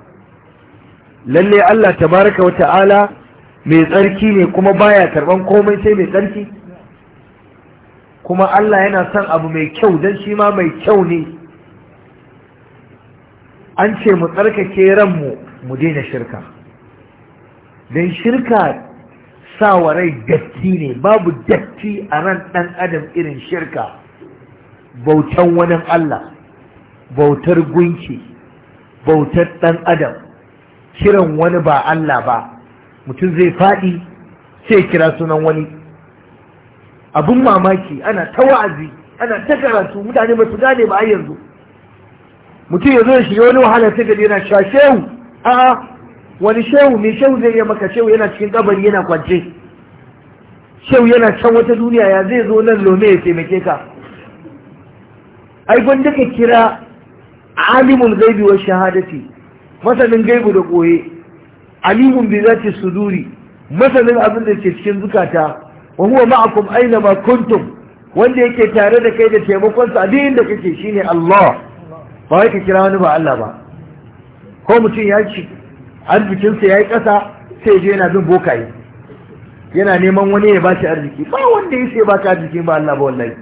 lalle Allah tabaraka wa ta'ala mai tsarki ne kuma baya karban komai sai mai tsarki kuma Allah yana son abu mai kyau don shi ma mai kyau ne an ce mu tsarkake ranmu mu daina shirka don shirka Sawarai datti ne babu datti a ran ɗan adam irin shirka bautan wani Allah bautar gunki bautar ɗan adam kiran wani ba Allah ba mutum zai faɗi sai kira sunan wani Abin mamaki ana ta wa'azi ana ta karatu mutane ba su gane ba yanzu mutum ya zo shi shiga wani wahala sai ga yana shashewu a'a wani shehu mai shehu zai yi maka shehu yana cikin kabari yana kwance shehu yana can wata duniya ya zai zo nan lome ya taimake ka ai gwanda ka kira alimun gaibi wa shahadati masanin gaibu da koye alimun bi suduri masanin abin da ke cikin zukata wa huwa ma'akum aina ma kuntum wanda yake tare da kai da taimakonsa a duk da kake shine Allah ba wai ka kira wani ba Allah ba ko mutum ya ci arzikinsa ya yi ƙasa sai je yana bin bokaye yana neman wani ya bashi arziki ba wanda ya sai ka arziki ba Allah ba wallahi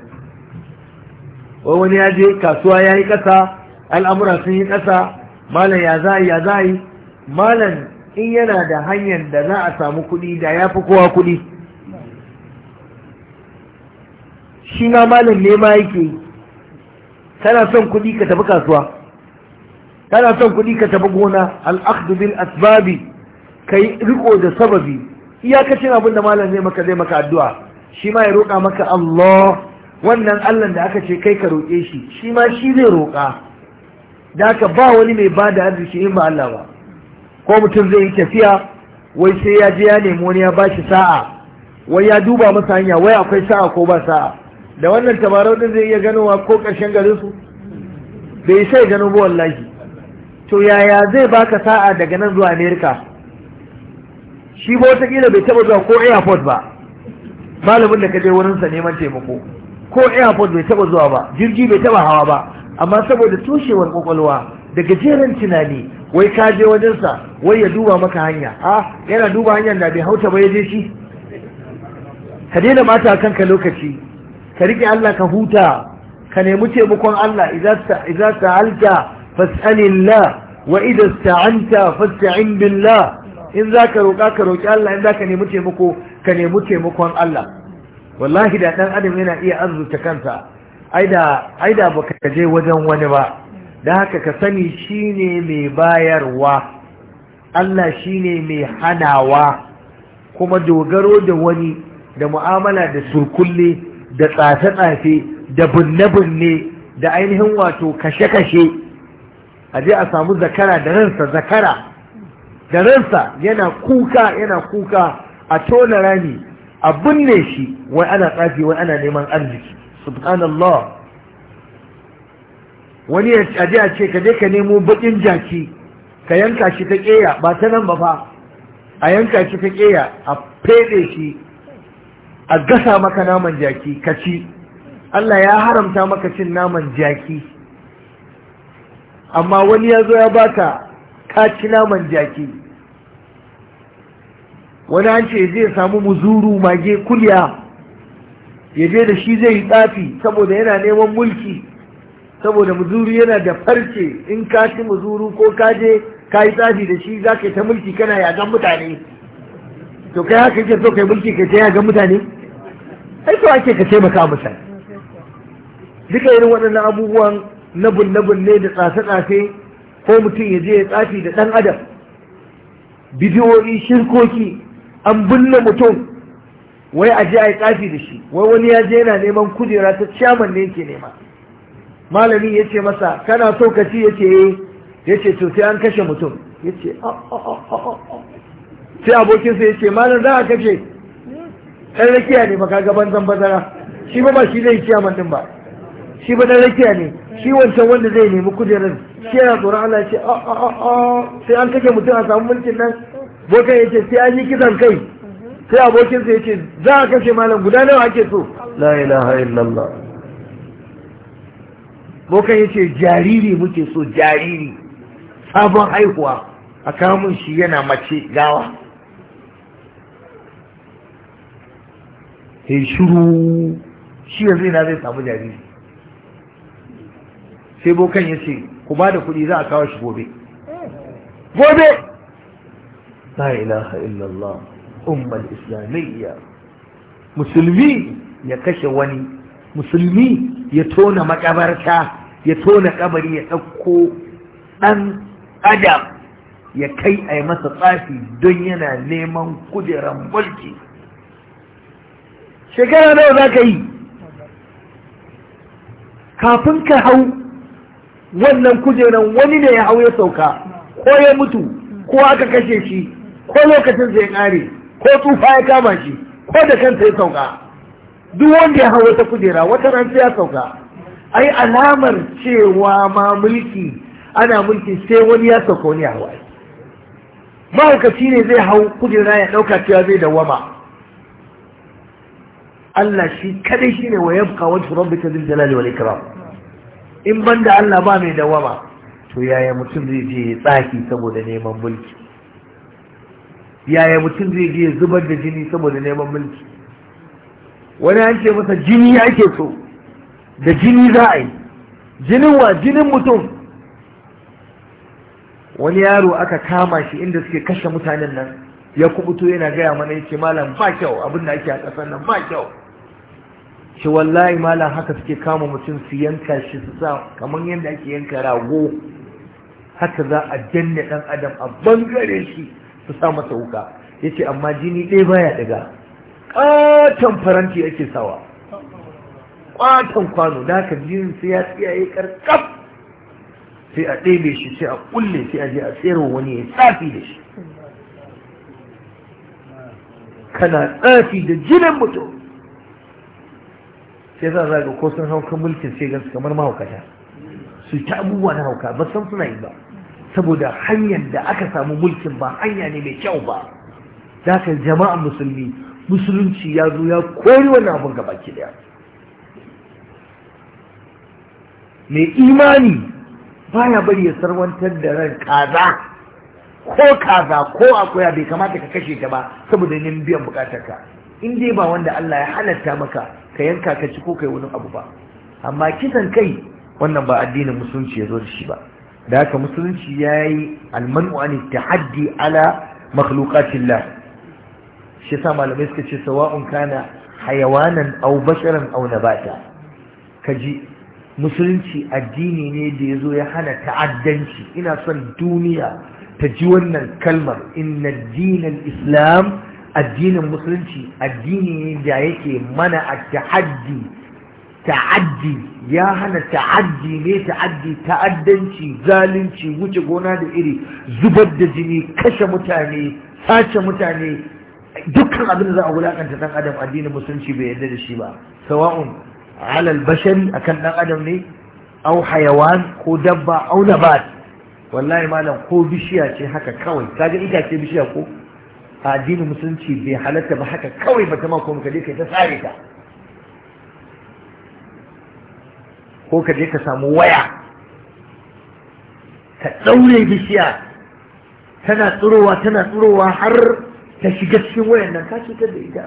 wai wani ya je kasuwa ya yi ƙasa al'amura sun yi ƙasa malam ya za ya za yi malam in yana da hanyar da za a samu kuɗi da ya fi kowa kuɗi shi ma malam ne ma yake kana son kuɗi ka tafi kasuwa kana son kuɗi ka tafi gona al'akhdhu bil asbabi kai riko da sababi iyakacin abin da malam zai maka zai maka addu'a shi ma ya roƙa maka Allah wannan Allah da aka ce kai ka roƙe shi shi ma shi zai roƙa da aka ba wani mai ba da arziki in ba Allah ba ko mutum zai yi tafiya wai sai ya je ya nemi wani ya ba shi sa'a wai ya duba masa hanya wai akwai sa'a ko ba sa'a da wannan tabarau din zai iya ganowa ko ƙarshen garin su bai sai gano ba wallahi to yaya zai baka sa'a daga nan zuwa amerika shi ba watakila bai taba zuwa ko airport ba malamin da ka je wurinsa neman taimako ko airport bai taba zuwa ba jirgi bai taba hawa ba amma saboda tushewar kwakwalwa da gajeren tunani wai ka je wajensa wai ya duba maka hanya a ah, yana duba hanyar da bai hauta ba ya je shi ka daina mata kanka lokaci ka riƙe Allah ka huta ka nemi taimakon Allah idza sa'alta fas'alillah wa idan sta'anta fasta'in billah in zaka roƙa ka roƙi Allah in zaka nemi taimako ka nemi taimakon Allah wallahi da ɗan adam yana iya arzuta kansa aida aida baka je wajen wani ba dan haka ka sani shine mai bayarwa Allah shine mai hanawa kuma dogaro da wani da mu'amala da surkulle da tsafe-tsafe da binne-binne da ainihin wato kashe-kashe a je a samu zakara da ransa zakara da ransa yana kuka yana kuka a tona rami a binne shi wai ana tsafi wai ana neman arziki subhanallah wani ya aje a ce ka je ka nemo bakin jaki ka yanka shi ta keya ba ta nan ba fa a yanka shi ta keya a fede shi a gasa maka naman jaki ka ci Allah ya haramta maka cin naman jaki amma wani ya zo ya ba ka kaci naman jaki wani an ce zai samu muzuru mage kulya ya je da shi zai yi tsafi saboda yana neman mulki saboda muzuru yana da farce in ka ci muzuru ko kaje ka yi tsafi da shi za ka ta mulki kana yagan mutane to kai haka ke so kai mulki ka ta yagan mutane ai to ake ka taimaka musa duka irin waɗannan abubuwan na bulle-bulle da tsafe-tsafe ko mutum ya je ya tsafi da ɗan adam bidiyoyi shirkoki an bulle mutum wai a je a yi tsafi da shi wai wani ya je yana neman kujera ta ciyaman ne yake nema malami ya ce masa kana so ka ci ya ce eh. ya ce to sai an kashe mutum ya ce ah, ah, ah, sai abokinsa ya ce malam za a kashe ɗan rakiya ne maka gaban zan bazara shi ba ba shi zai ciyaman din ba shi ba ɗan rakiya ne shi wancan wanda zai nemi kujerar shi yana tsoron Allah ce a a a sai an kake mutum a samu mulkin nan bokan ya ce sai an yi kisan kai sai abokinsa ya ce za a kashe malam guda nawa ake so la ilaha illallah bokan ya ce jariri muke so jariri sabon haihuwa a kamun shi yana mace gawa sai shiru shi yanzu ina zai samu jariri sai bokan ya ce ku ba da kuɗi za a kawo shi gobe gobe la ilaha illallah ummal islamiyya musulmi ya kashe wani musulmi ya tona makabarta ya tona kabari ya ɗauko ɗan adam ya kai a yi masa tsafi don yana neman kudiran mulki shekara nawa za ka yi kafin ka hau wannan kujeran wani ne ya hau ya sauka ko ya mutu ko aka kashe shi ko lokacin ya kare ko tsufa ya kama shi ko da kanta ya sauka duk wanda ya hau wata kujera wata ran ya sauka ai alamar cewa ma mulki ana mulki sai wani ya sauka wani ya mahaukaci ne zai hau kujera ya ɗauka cewa zai dawama Allah shi kadai shine wa yabqa wajhu rabbika dhil jalali wal ikram in ban da Allah ba mai dawama to yaya mutum zai je ya tsaki saboda neman mulki yaya mutum zai je ya zubar da jini saboda neman mulki wani an masa jini ake so da jini za a yi jinin wa jinin mutum wani yaro aka kama shi inda suke kashe mutanen nan ya kubuto yana gaya mana yake malam ba kyau abin da ake a ƙasar nan ba kyau shi wallahi malam haka suke kama mutum su yanka shi su sa kamar yadda ake yanka rago haka za a janne ɗan adam a bangare shi su sa masa wuka ya ce amma jini ɗaya baya daga ƙaton faranti ake sawa ƙaton kwano da haka jinin sai ya tsiyaye ƙarƙaf sai a ɗebe shi sai a ƙulle sai a je a tsero wani ya tsafi da shi kana tsafi da jinin mutum shi yasa za ga ko sun hau mulkin sai gansu kamar mahaukata su ta abubuwa na hauka ba san suna yi ba saboda hanyar da aka samu mulkin ba hanya ne mai kyau ba da ka jama'an musulmi musulunci ya zo ya kori wannan abin gaba ki daya mai imani baya bari ya sarwantar da ran kaza ko kaza ko akwai bai kamata ka kashe ta ba saboda nin biyan bukatarka in dai ba wanda Allah ya halatta maka ka yanka ka ci ko kai wani abu ba amma kisan kai wannan ba addinin musulunci ya zo da shi ba da haka musulunci ya yi almanu an tahaddi ala makhluqatillah shi sa malamai suka ce sawa'un kana hayawanan aw basharan aw nabata kaji musulunci addini ne da ya zo ya hana ta'addanci ina son duniya ta ji wannan kalmar inna dinan islam addinin musulunci addini ne da yake mana a ta'addi ta'addi ya hana ta'addi ne ta'addi ta'addanci zalunci wuce gona da iri zubar da jini kashe mutane sace mutane dukkan abin da za a wulakanta dan adam addinin musulunci bai yarda da shi ba sawa'un alal bashari akan dan adam ne au hayawan ko dabba au nabat wallahi malam ko bishiya ce haka kawai kaga ita ce bishiya ko addinin musulunci bai halatta ba haka kawai ba ta ma kuma kaje kai ta tsare ta ko kaje ka samu waya ka daure bishiya tana tsirowa tana tsirowa har ta shiga cikin wayan nan ka cutar da ita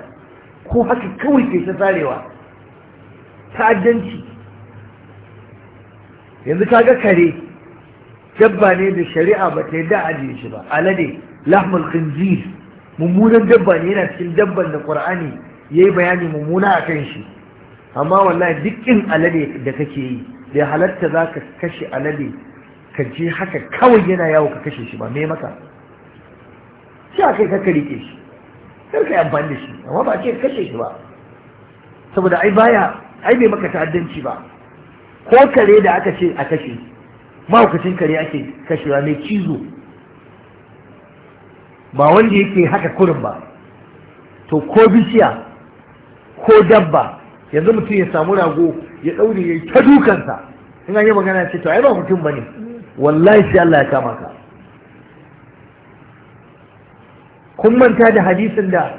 ko haka kawai kai ta tsarewa ta'addanci yanzu ka ga kare dabba ne da shari'a ba ta yi da ajiye shi ba alade lahmul khinzir mummunan dabba ne yana cikin dabban da qur'ani yayi bayani mummuna akan shi amma wallahi dukkin alade da kake yi da halatta zaka kashe alade ka je haka kawai yana yawo ka kashe shi ba me maka shi a kai ka rike shi kar ka yi amfani da shi amma ba ce kashe shi ba saboda ai baya ai bai maka ta'addanci ba ko kare da aka ce a kashe ma mahaukacin kare ake kashewa mai cizo ba wanda yake haka kurin ba to ko bishiya ko dabba yanzu mutum ya samu rago ya ɗaure ya yi ta dukansa in an yi magana ce to ai ba mutum ba ne wallahi sai Allah ya kama ka kun manta da hadisin da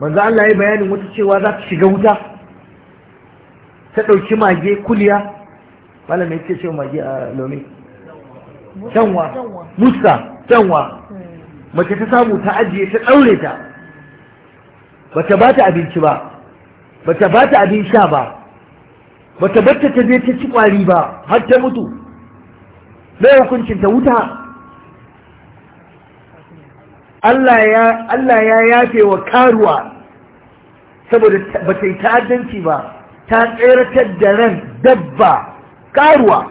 manzo Allah ya bayanin wata cewa za ta shiga wuta ta ɗauki mage kuliya malam ya ce ce mage a lomi canwa musa canwa mace ta samu ta ajiye ta ɗaure ta bata ba ta abinci ba bata ba ta abin sha ba bata ba ta je ta ci kwari ba har ta mutu na hukuncin ta wuta Allah ya yafe wa karuwa saboda bata yi ta'addanci ba ta tseratar da ran dabba karuwa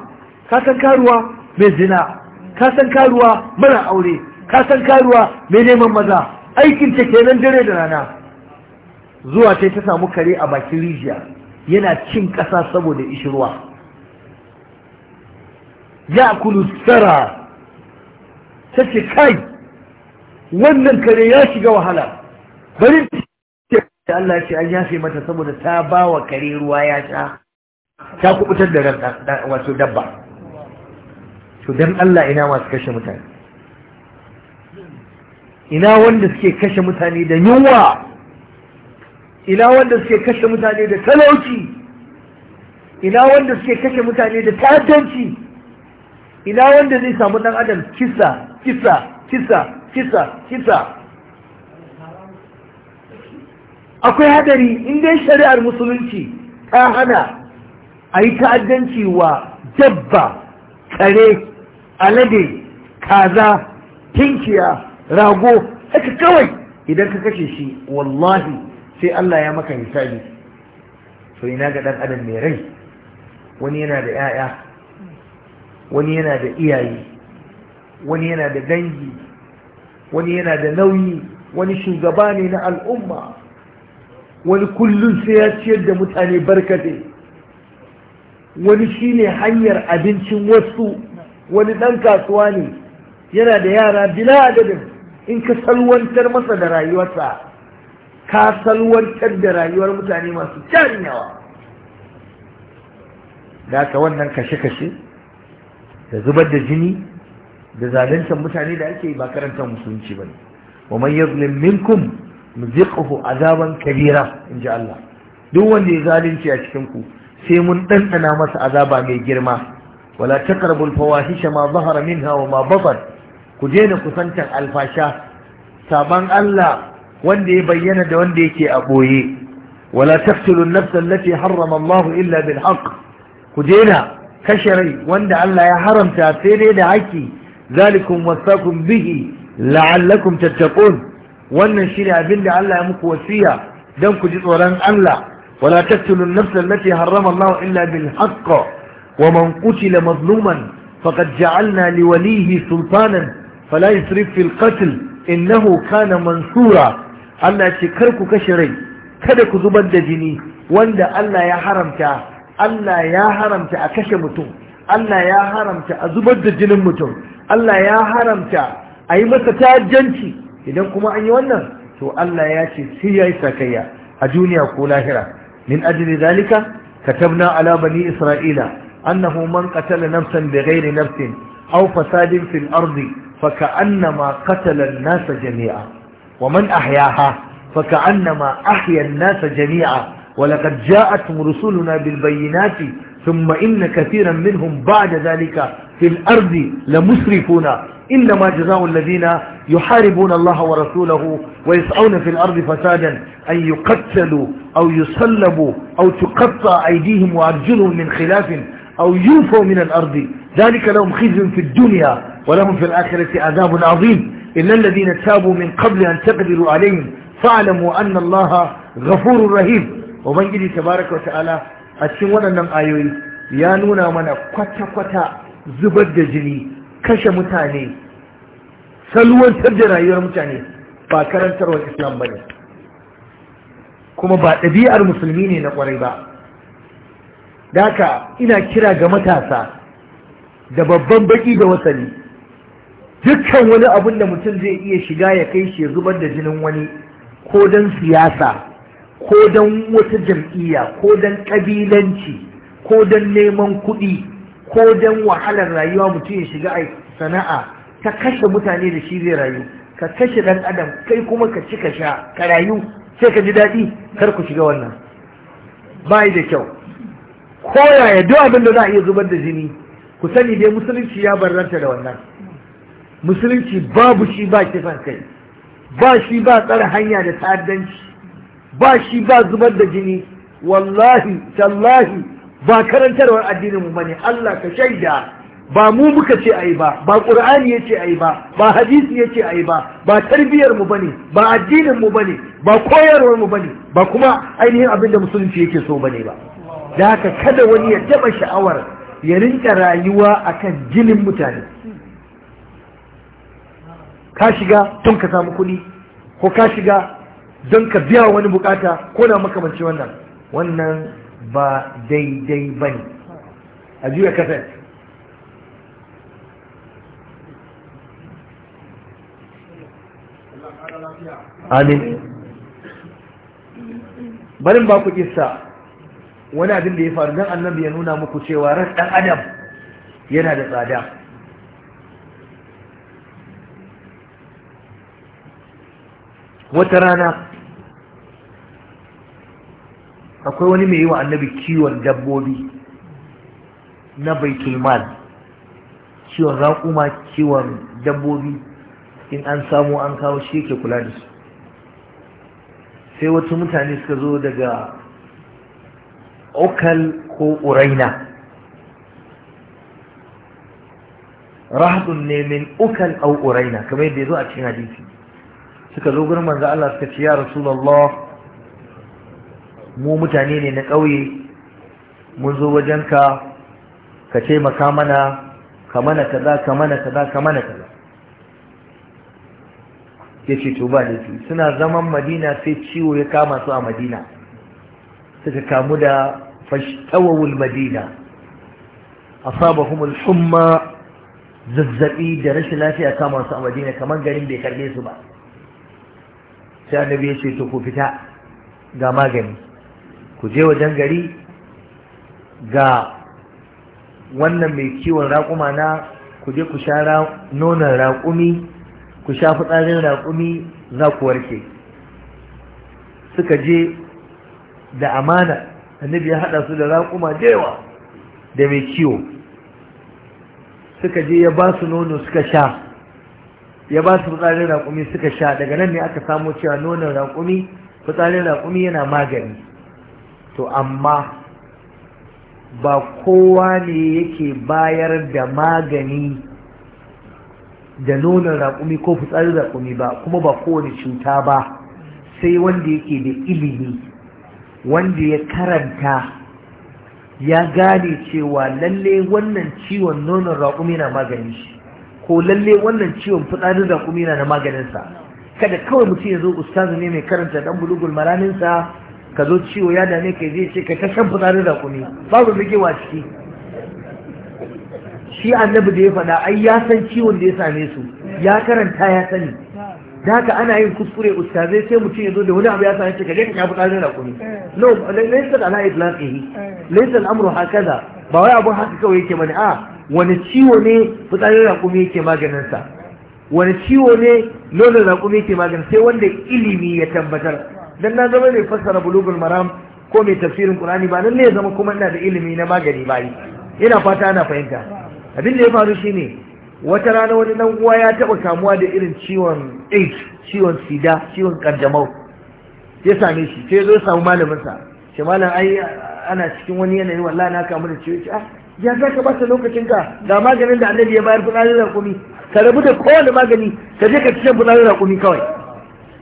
ka san karuwa mai zina ka san karuwa mara aure ka san karuwa mai neman maza aikin ta kenan dare da rana zuwa ce ta samu kare a bakin rijiya yana cin kasa saboda ishirwa ya kulu tsara ta ce kai wannan kare ya shiga wahala bari ta ce Allah ce an yafe mata saboda ta ba wa kare ruwa ya sha ta kubutar da wato dabba to dan Allah ina masu kashe mutane ina wanda suke kashe mutane da yunwa ina wanda suke kashe mutane da talauci ina wanda suke kashe mutane da ta'addanci ina wanda zai samu dan adam kisa kisa kisa kisa kisa akwai hadari in dai shari'ar musulunci ta hana a yi ta'addanci wa dabba kare alade kaza tinkiya rago haka kawai idan ka kashe shi wallahi sai Allah ya maka hisabi to ina ga dan adam mai rai wani yana da yaya wani yana da iyaye wani yana da dangi wani yana da nauyi wani shugaba ne na al'umma wani kullum sai ya ciyar da mutane barkatai wani shi ne hanyar abincin wasu wani ɗan kasuwa ne yana da yara bila adadin in ka salwantar masa da rayuwarsa ka salwantar da rayuwar mutane masu tarin yawa da aka wannan kashe-kashe da zubar da jini da zaluntar mutane da ake ba karantar musulunci ba ne wa man yazlim minkum nuziquhu azaban kabira in ji Allah duk wanda ya zalunci a cikin ku sai mun ɗanɗana masa azaba mai girma wala taqrabul fawahisha ma zahara minha wa ma batan ku daina kusantar alfasha saban Allah wanda ya bayyana da wanda yake a boye wala taqtulu an-nafsa allati harrama Allah illa bil haqq ku daina kashe rai wanda Allah ya haramta sai dai da haƙi zalikum wasakum bihi la'allakum tattaqun wannan shine abin da Allah ya muku wasiya dan ku ji tsoron Allah wala taqtulu an-nafsa allati harrama Allah illa bil haqq wa man qutila mazluman faqad ja'alna liwalihi sultanan fala yusrif fil qatl innahu kana mansura Allah ce kar ku kashe rai kada ku zubar da jini wanda Allah ya haramta Allah ya haramta a kashe mutum Allah ya haramta a zubar da jinin mutum Allah ya haramta a yi masa ta'ajjanci idan kuma an yi wannan to Allah ya ce sai ya yi sakayya a duniya ko lahira min ajli zalika katabna ala bani isra'ila annahu man qatala nafsan bighairi nafsin aw fasadin fil ardi فكأنما قتل الناس جميعا ومن أحياها فكأنما أحيا الناس جميعا ولقد جاءتهم رسولنا بالبينات ثم إن كثيرا منهم بعد ذلك في الأرض لمسرفون إنما جزاء الذين يحاربون الله ورسوله ويسعون في الأرض فسادا أن يقتلوا أو يصلبوا أو تقطع أيديهم وأرجلهم من خلاف أو يوفوا من الأرض ذلك لهم خزي في الدنيا ولهم في الآخرة عذاب عظيم إلا الذين تابوا من قبل أن تقدروا عليهم فاعلموا أن الله غفور رحيم وبنجي تبارك وتعالى أتشن ونن آيوي يا نونا من كتا كتا زبد جني كش متاني سلوان ترجر أيها متاني باكرا تروا الإسلام بني كما بعد ذي المسلمين نقريبا داكا إنا كرا جمتاسا da babban baki da wasani dukkan wani abin da mutum zai iya shiga ya kai shi ya zubar da jinin wani ko don siyasa ko don wata jam'iyya ko don ƙabilanci ko don neman kuɗi ko don wahalar rayuwa mutum ya shiga a sana'a ta kashe mutane da shi zai rayu ka kashe ɗan adam kai kuma ka ci ka sha ka rayu sai ka ji daɗi kar ku shiga wannan ba da kyau ko yaya duk abin da za a iya zubar da jini ku sani dai musulunci ya barranta da wannan musulunci babu shi ba kifan kai ba shi ba tsara hanya da ta'addanci ba shi ba zubar da jini wallahi tallahi ba karantarwar addinin mu bane Allah ka shaida ba mu muka ce ayi ba ba qur'ani yace ayi ba ba hadisi yace ayi ba ba tarbiyar mu bane ba addinin mu bane ba koyarwar mu bane ba kuma ainihin abin da musulunci yake so bane ba da haka kada wani ya taba sha'awar ya rinka rayuwa akan jinin mutane ka shiga tun ka samu kuɗi ko ka shiga don ka biya wani bukata ko na makamanci wannan wannan ba daidai ba ne a juya kasa amin barin ba ku kissa wani abin da ya faru don annabi ya nuna muku cewa ran ɗan adam yana da tsada wata rana akwai wani mai yi wa annabi kiwon dabbobi na baitulmal kiwon raƙuma kiwon dabbobi in an samu an kawo shi yake kula da su sai wata mutane suka zo daga okal ko uraina rahadun ne min ukal au uraina kamar yadda ya zo a cikin hadisi suka zo gurin manzo Allah suka ce ya rasulullah mu mutane ne na ƙauye mun zo wajenka ka taimaka mana ka mana kaza ka mana kaza ka mana kaza ya ce to ba dai suna zaman madina sai ciwo ya kama su a madina suka kamu da fashtawul madina al humma zazzabi da rashin lafiya kama su a madina kamar garin bai karbe su ba sai annabi ya ce to ku fita ga magani ku je wajen gari ga wannan mai kiwon raƙuma na ku je ku sha nonon raƙumi ku sha fitsarin raƙumi za ku warke suka je da amana annabi ya haɗa su da raƙuma da yawa da mai kiwo suka je ya ba su nono suka sha ya ba su fitsarin raƙumi suka sha daga nan ne aka samo cewa nonon raƙumi fitsarin raƙumi yana magani to amma ba kowa ne yake bayar da magani da nonon raƙumi ko fitsarin raƙumi ba kuma ba kowane cuta ba sai wanda yake da ilimi wanda ya karanta ya gane cewa lalle wannan ciwon nonon raƙumi na magani shi ko lalle wannan ciwon fitsarin zakumi yana da sa, kada kawai mutum ya zo ustazu ne mai karanta dan bulugul maraninsa ka zo ciwo ya dame ka zai ce ka ta shan fitsarin zakumi babu rigewa ciki shi annabi da ya faɗa ai ya san ciwon da ya same su ya karanta ya sani da haka ana yin kuskure ustazai sai mutum ya zo da wani abu ya sanya ka je ya fi tsarin rakumi eh. no laysa ala idlaqihi eh. laysa al-amru hakaza ba wai abu haka kawai yake bane a wani ciwo ne fitsarin rakumi yake maganin wani ciwo ne da rakumi yake maganin sai wanda ilimi ya tabbatar dan na zama mai fassara bulugul maram ko mai tafsirin ƙur'ani ba ne ya zama kuma ina da ilimi na magani ba ina fata ana fahimta abin da ya faru shine wata rana wani nan uwa ya taɓa kamuwa da irin ciwon aids ciwon sida ciwon kanjamau ya same shi sai zo samu malaminsa shi malam ai ana cikin wani yanayi wallahi na kamu da ciwon ah ya za ka basa lokacin ka ga maganin da annabi ya bayar da rakumi ka rabu da kowane magani ka je ka ci shan da rakumi kawai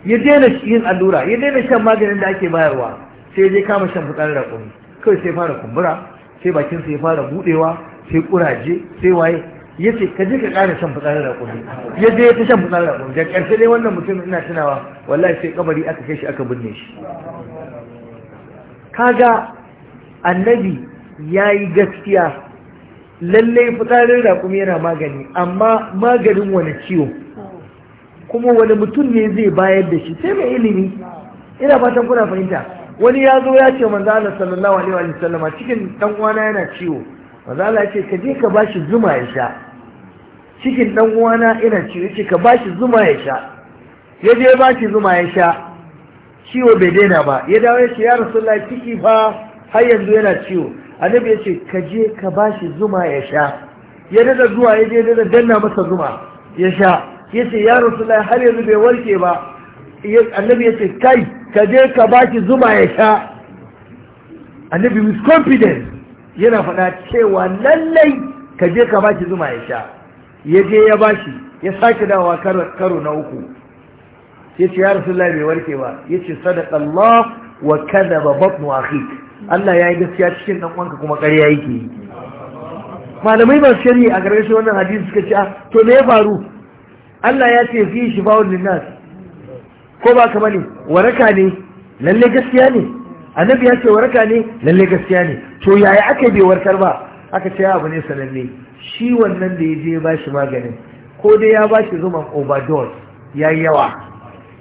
ya daina yin allura ya daina shan maganin da ake bayarwa sai je kama shan da rakumi kawai sai fara kumbura sai bakinsa ya fara budewa sai kuraje sai waye ya ce ka je ka ƙara shan fitsarin raƙumi ya je ta shan fitsarin raƙumi da karshe dai wannan mutum ina tunawa wallahi sai kabari aka kai shi aka binne shi kaga annabi ya yi gaskiya lallai fitsarin rakumi yana magani amma maganin wani ciwo kuma wani mutum ne zai bayar da shi sai mai ilimi ina fatan kuna fahimta wani ya zo ya ce manzo Allah sallallahu alaihi wa sallama cikin dan uwana yana ciwo mazala ce ka je ka bashi zuma ya sha cikin dan uwana ina ci yace ka bashi zuma ya sha ya je bashi zuma ya sha ciwo bai daina ba ya dawo ya ce ya rasulullahi ciki fa har yanzu yana ciwo annabi ya ce ka je ka bashi zuma ya sha ya daga zuwa ya je daga danna masa zuma ya sha ya ce ya rasulullahi har yanzu bai warke ba annabi ya ce kai ka je ka bashi zuma ya sha annabi with confidence yana faɗa cewa lallai ka je ka baki zuma ya sha ya je ya bashi ya sake dawa karo na uku ya ce ya rasulullah bai warke ba ya ce sadakallah wa kada babban akhik Allah ya yi gaskiya cikin ɗan wanka kuma ƙarya yake yi malamai masu shari'i a ƙarƙashi wannan hadisi suka ce ah, to me ya faru Allah ya ce fi shifa'un linnas ko ba ka bane waraka ne lalle gaskiya ne annabi ya ce warka ne lalle gaskiya ne to yaya aka bai warkar ba aka ce abu ne sananne shi wannan da ya je ba shi maganin ko dai ya ba shi zuman overdose ya yawa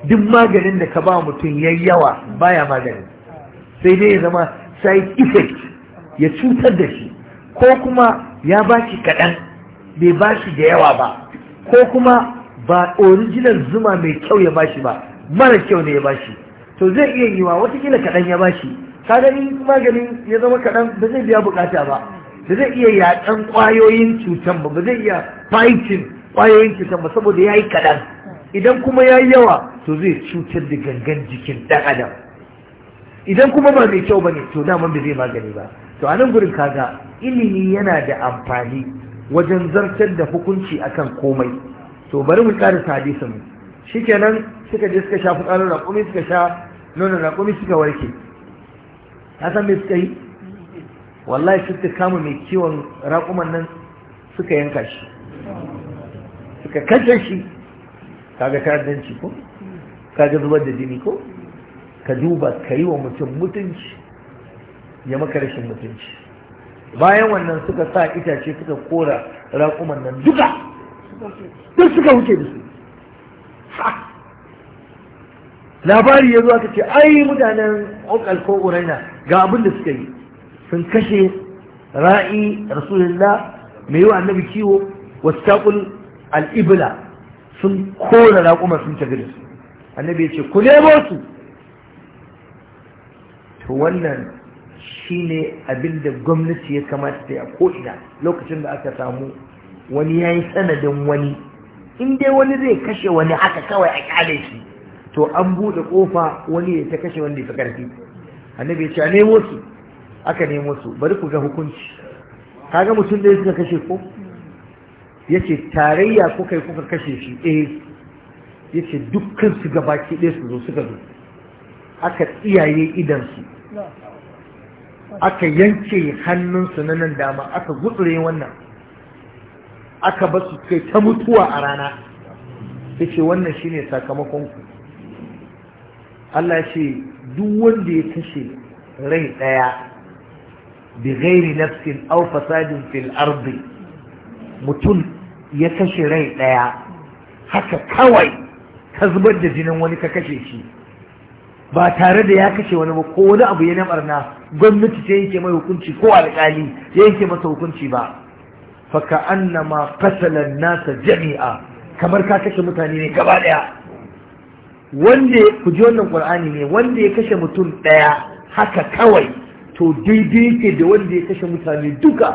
duk maganin da ka ba mutum ya yawa baya maganin sai dai ya zama side effect ya cutar da shi ko kuma ya ba shi kaɗan bai ba shi da yawa ba ko kuma ba original zuma mai kyau ya ba shi ba mara kyau ne ya ba shi to zai iya yi yiwa watakila kaɗan ya bashi ka gani maganin ya zama kaɗan ba zai biya bukata ba ba zai iya yaƙan ƙwayoyin cutan ba ba zai iya fighting ƙwayoyin cutan ba saboda ya yi kaɗan idan kuma ya yi yawa to zai cutar da gangan jikin ɗan adam idan kuma ba mai kyau ba ne to daman ba zai magani ba to a nan gurin kaga ilimi yana da amfani wajen zartar da hukunci akan komai to bari mu ƙarasa hadisin mu shikenan suka je suka sha fitsarin raƙumi suka sha nonon raƙumi suka warke san mai suka yi wallahi suka kama mai kiwon raƙuman nan suka yanka shi suka kashe shi kaga ta'addanci ko kaga zubar da jini ko ka duba ka yi wa mutum mutunci ya maka rashin mutunci bayan wannan suka sa itace suka kora raƙuman nan duka duk suka wuce da su labari ya zo aka ce ai mutanen ukal ko uraina ga abin da suka yi sun kashe ra'i rasulullah mai yi wa annabi kiwo wasu al'ibla sun kora raƙumar sun tafi da su annabi ya ce ku nemo su to wannan shi ne abin da gwamnati ya kamata ta yi a ko'ina lokacin da aka samu wani ya yi sanadin wani in dai wani zai kashe wani haka kawai a kyale shi to an buɗe ƙofa wani ya ta kashe wani ya fi ƙarfi annabi ya ce a nemo su aka nemo su bari ku ga hukunci kaga mutum ɗaya suka kashe ko ya ce tarayya kuka kai kuka kashe shi eh ya ce dukkan su gabaki ɗaya su zo suka zo aka tsiyaye idansu aka yanke hannunsu na nan dama aka gutsure wannan aka ba su kai ta mutuwa a rana ya ce wannan ne sakamakon ku Allah ce duk wanda ya kashe rai ɗaya bi ghairi nafsin aw fasadin fil ardi mutum ya kashe rai ɗaya haka kawai ka zubar da jinin wani ka kashe shi ba tare da ya kashe wani ba ko wani abu ya na gwamnati ce yake mai hukunci ko alƙali ya yake masa hukunci ba faka annama fasalan nasa jami'a kamar ka kashe mutane ne gaba daya wanda ku ji wannan qur'ani ne wanda ya kashe mutum daya haka kawai to daidai yake da wanda ya kashe mutane duka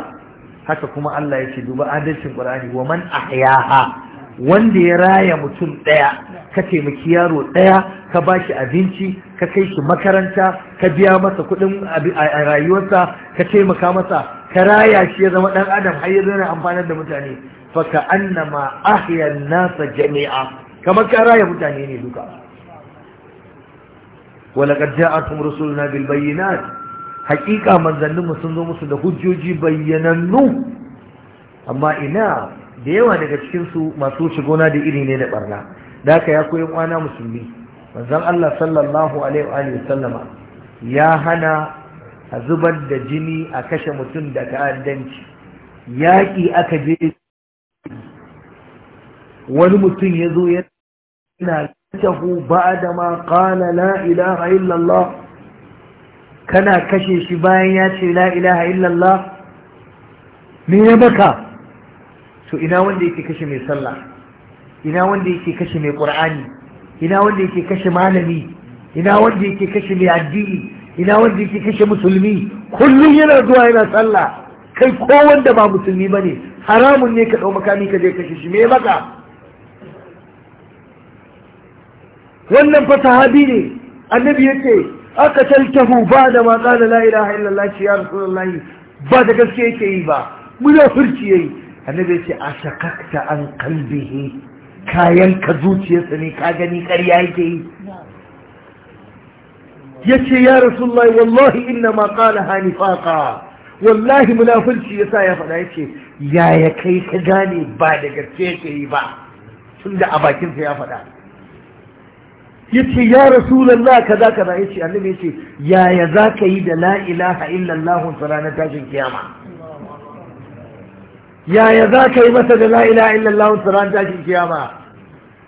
haka kuma Allah ya ce duba adalcin qur'ani wa man ahyaha wanda ya raya mutum daya ka taimaki yaro daya ka bashi abinci ka kai shi makaranta ka biya masa kuɗin rayuwarsa ka taimaka masa ka raya shi ya zama dan adam har ya zana amfanar da mutane fa ka annama ahya nasa jami'a kamar ka raya mutane ne duka ولقد جاءتهم رسلنا mu sun zo musu da hujjoji bayyanannu amma ina da yawa daga cikinsu masu shigona da iri ne na barna da haka ya koyi kwana musulmi manzon Allah sallallahu alaihi wa sallama ya hana a zubar da jini a kashe mutum da ta'addanci yaƙi aka je wani mutum ya zo yana kashe ba da ma ƙana la ilaha illallah kana kashe shi bayan ya ce lailaha ilaha illallah me ya baka to ina wanda yake kashe mai sallah ina wanda yake kashe mai ƙur'ani ina wanda yake kashe malami ina wanda yake kashe mai addini ina wanda yake kashe musulmi kullum yana zuwa yana sallah kai ko wanda ba musulmi ba ne haramun ne ka ɗau makami ka je kashe shi me maka wannan fa sahabi ne annabi yake aka taltahu ba da ma qala la ilaha illallah ya rasulullahi ba da gaske yake yi ba muna furci yayi annabi a ashakakta an qalbihi kayan ka zuciyarsa ne ka gani ƙarya yake yi yace ya rasulullahi wallahi inna ma qala hanifaqa wallahi munafurci yasa ya faɗa yace yaya kai ka gane ba da gaske yake yi ba tunda a bakinsa ya faɗa yace ya ka za ka kaza yace annabi yace yaya ka yi da la ilaha illallah ranar tashin kiyama yaya ka yi masa da la ilaha illallah ranar tashin kiyama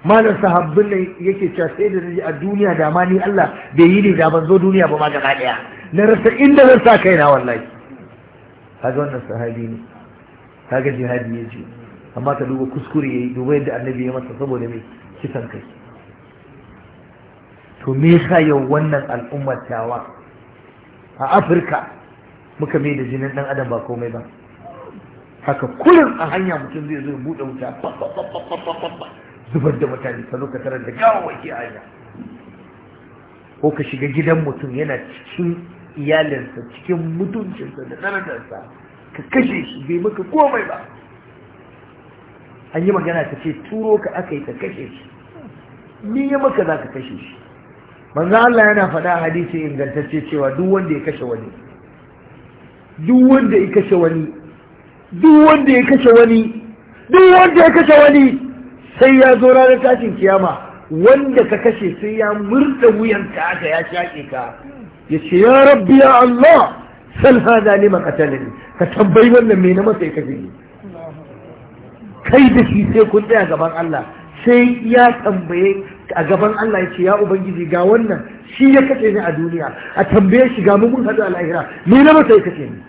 malar sahabbin ne yake cewa sai da zai a duniya da ma ni Allah bai yi ne da ban zo duniya ba ma gaba daya na rasa inda zan sa kaina wallahi kaga wannan sahabi ne kaga jihadi ya ji amma ta duba kuskure yayi duba yadda annabi ya masa saboda mai kisan kai to me yasa yau wannan al'ummar tawa a Afirka muka mai da jinin dan adam ba komai ba haka kullum a hanya mutum zai zo ya bude wuta zubar da mutane ta zo ka tarar da gawawaki a hanya ko ka shiga gidan mutum yana cikin iyalinsa cikin mutuncinsa da darajarsa ka kashe shi bai maka komai ba an yi magana ta ce turo ka aka yi ka kashe shi ni ya maka za ka kashe shi manzo Allah yana faɗa hadisi ingantacce cewa duk wanda ya kashe wani duk wanda ya kashe wani duk wanda ya kashe wani duk wanda ya kashe wani sai ya zo ranar tashin kiyama wanda ka kashe sai ya murda wuyanka aka ya shaƙe ka ya ce ya rabbi ya Allah sal hada ne qatalani ka tambayi wannan me na masa ya kafi ne. kai da shi sai kun tsaya gaban Allah sai ya tambaye a gaban Allah ya ce ya ubangiji ga wannan shi ya kace ni a duniya a tambaye shi ga mun hadu lahira me na masa ya kace ni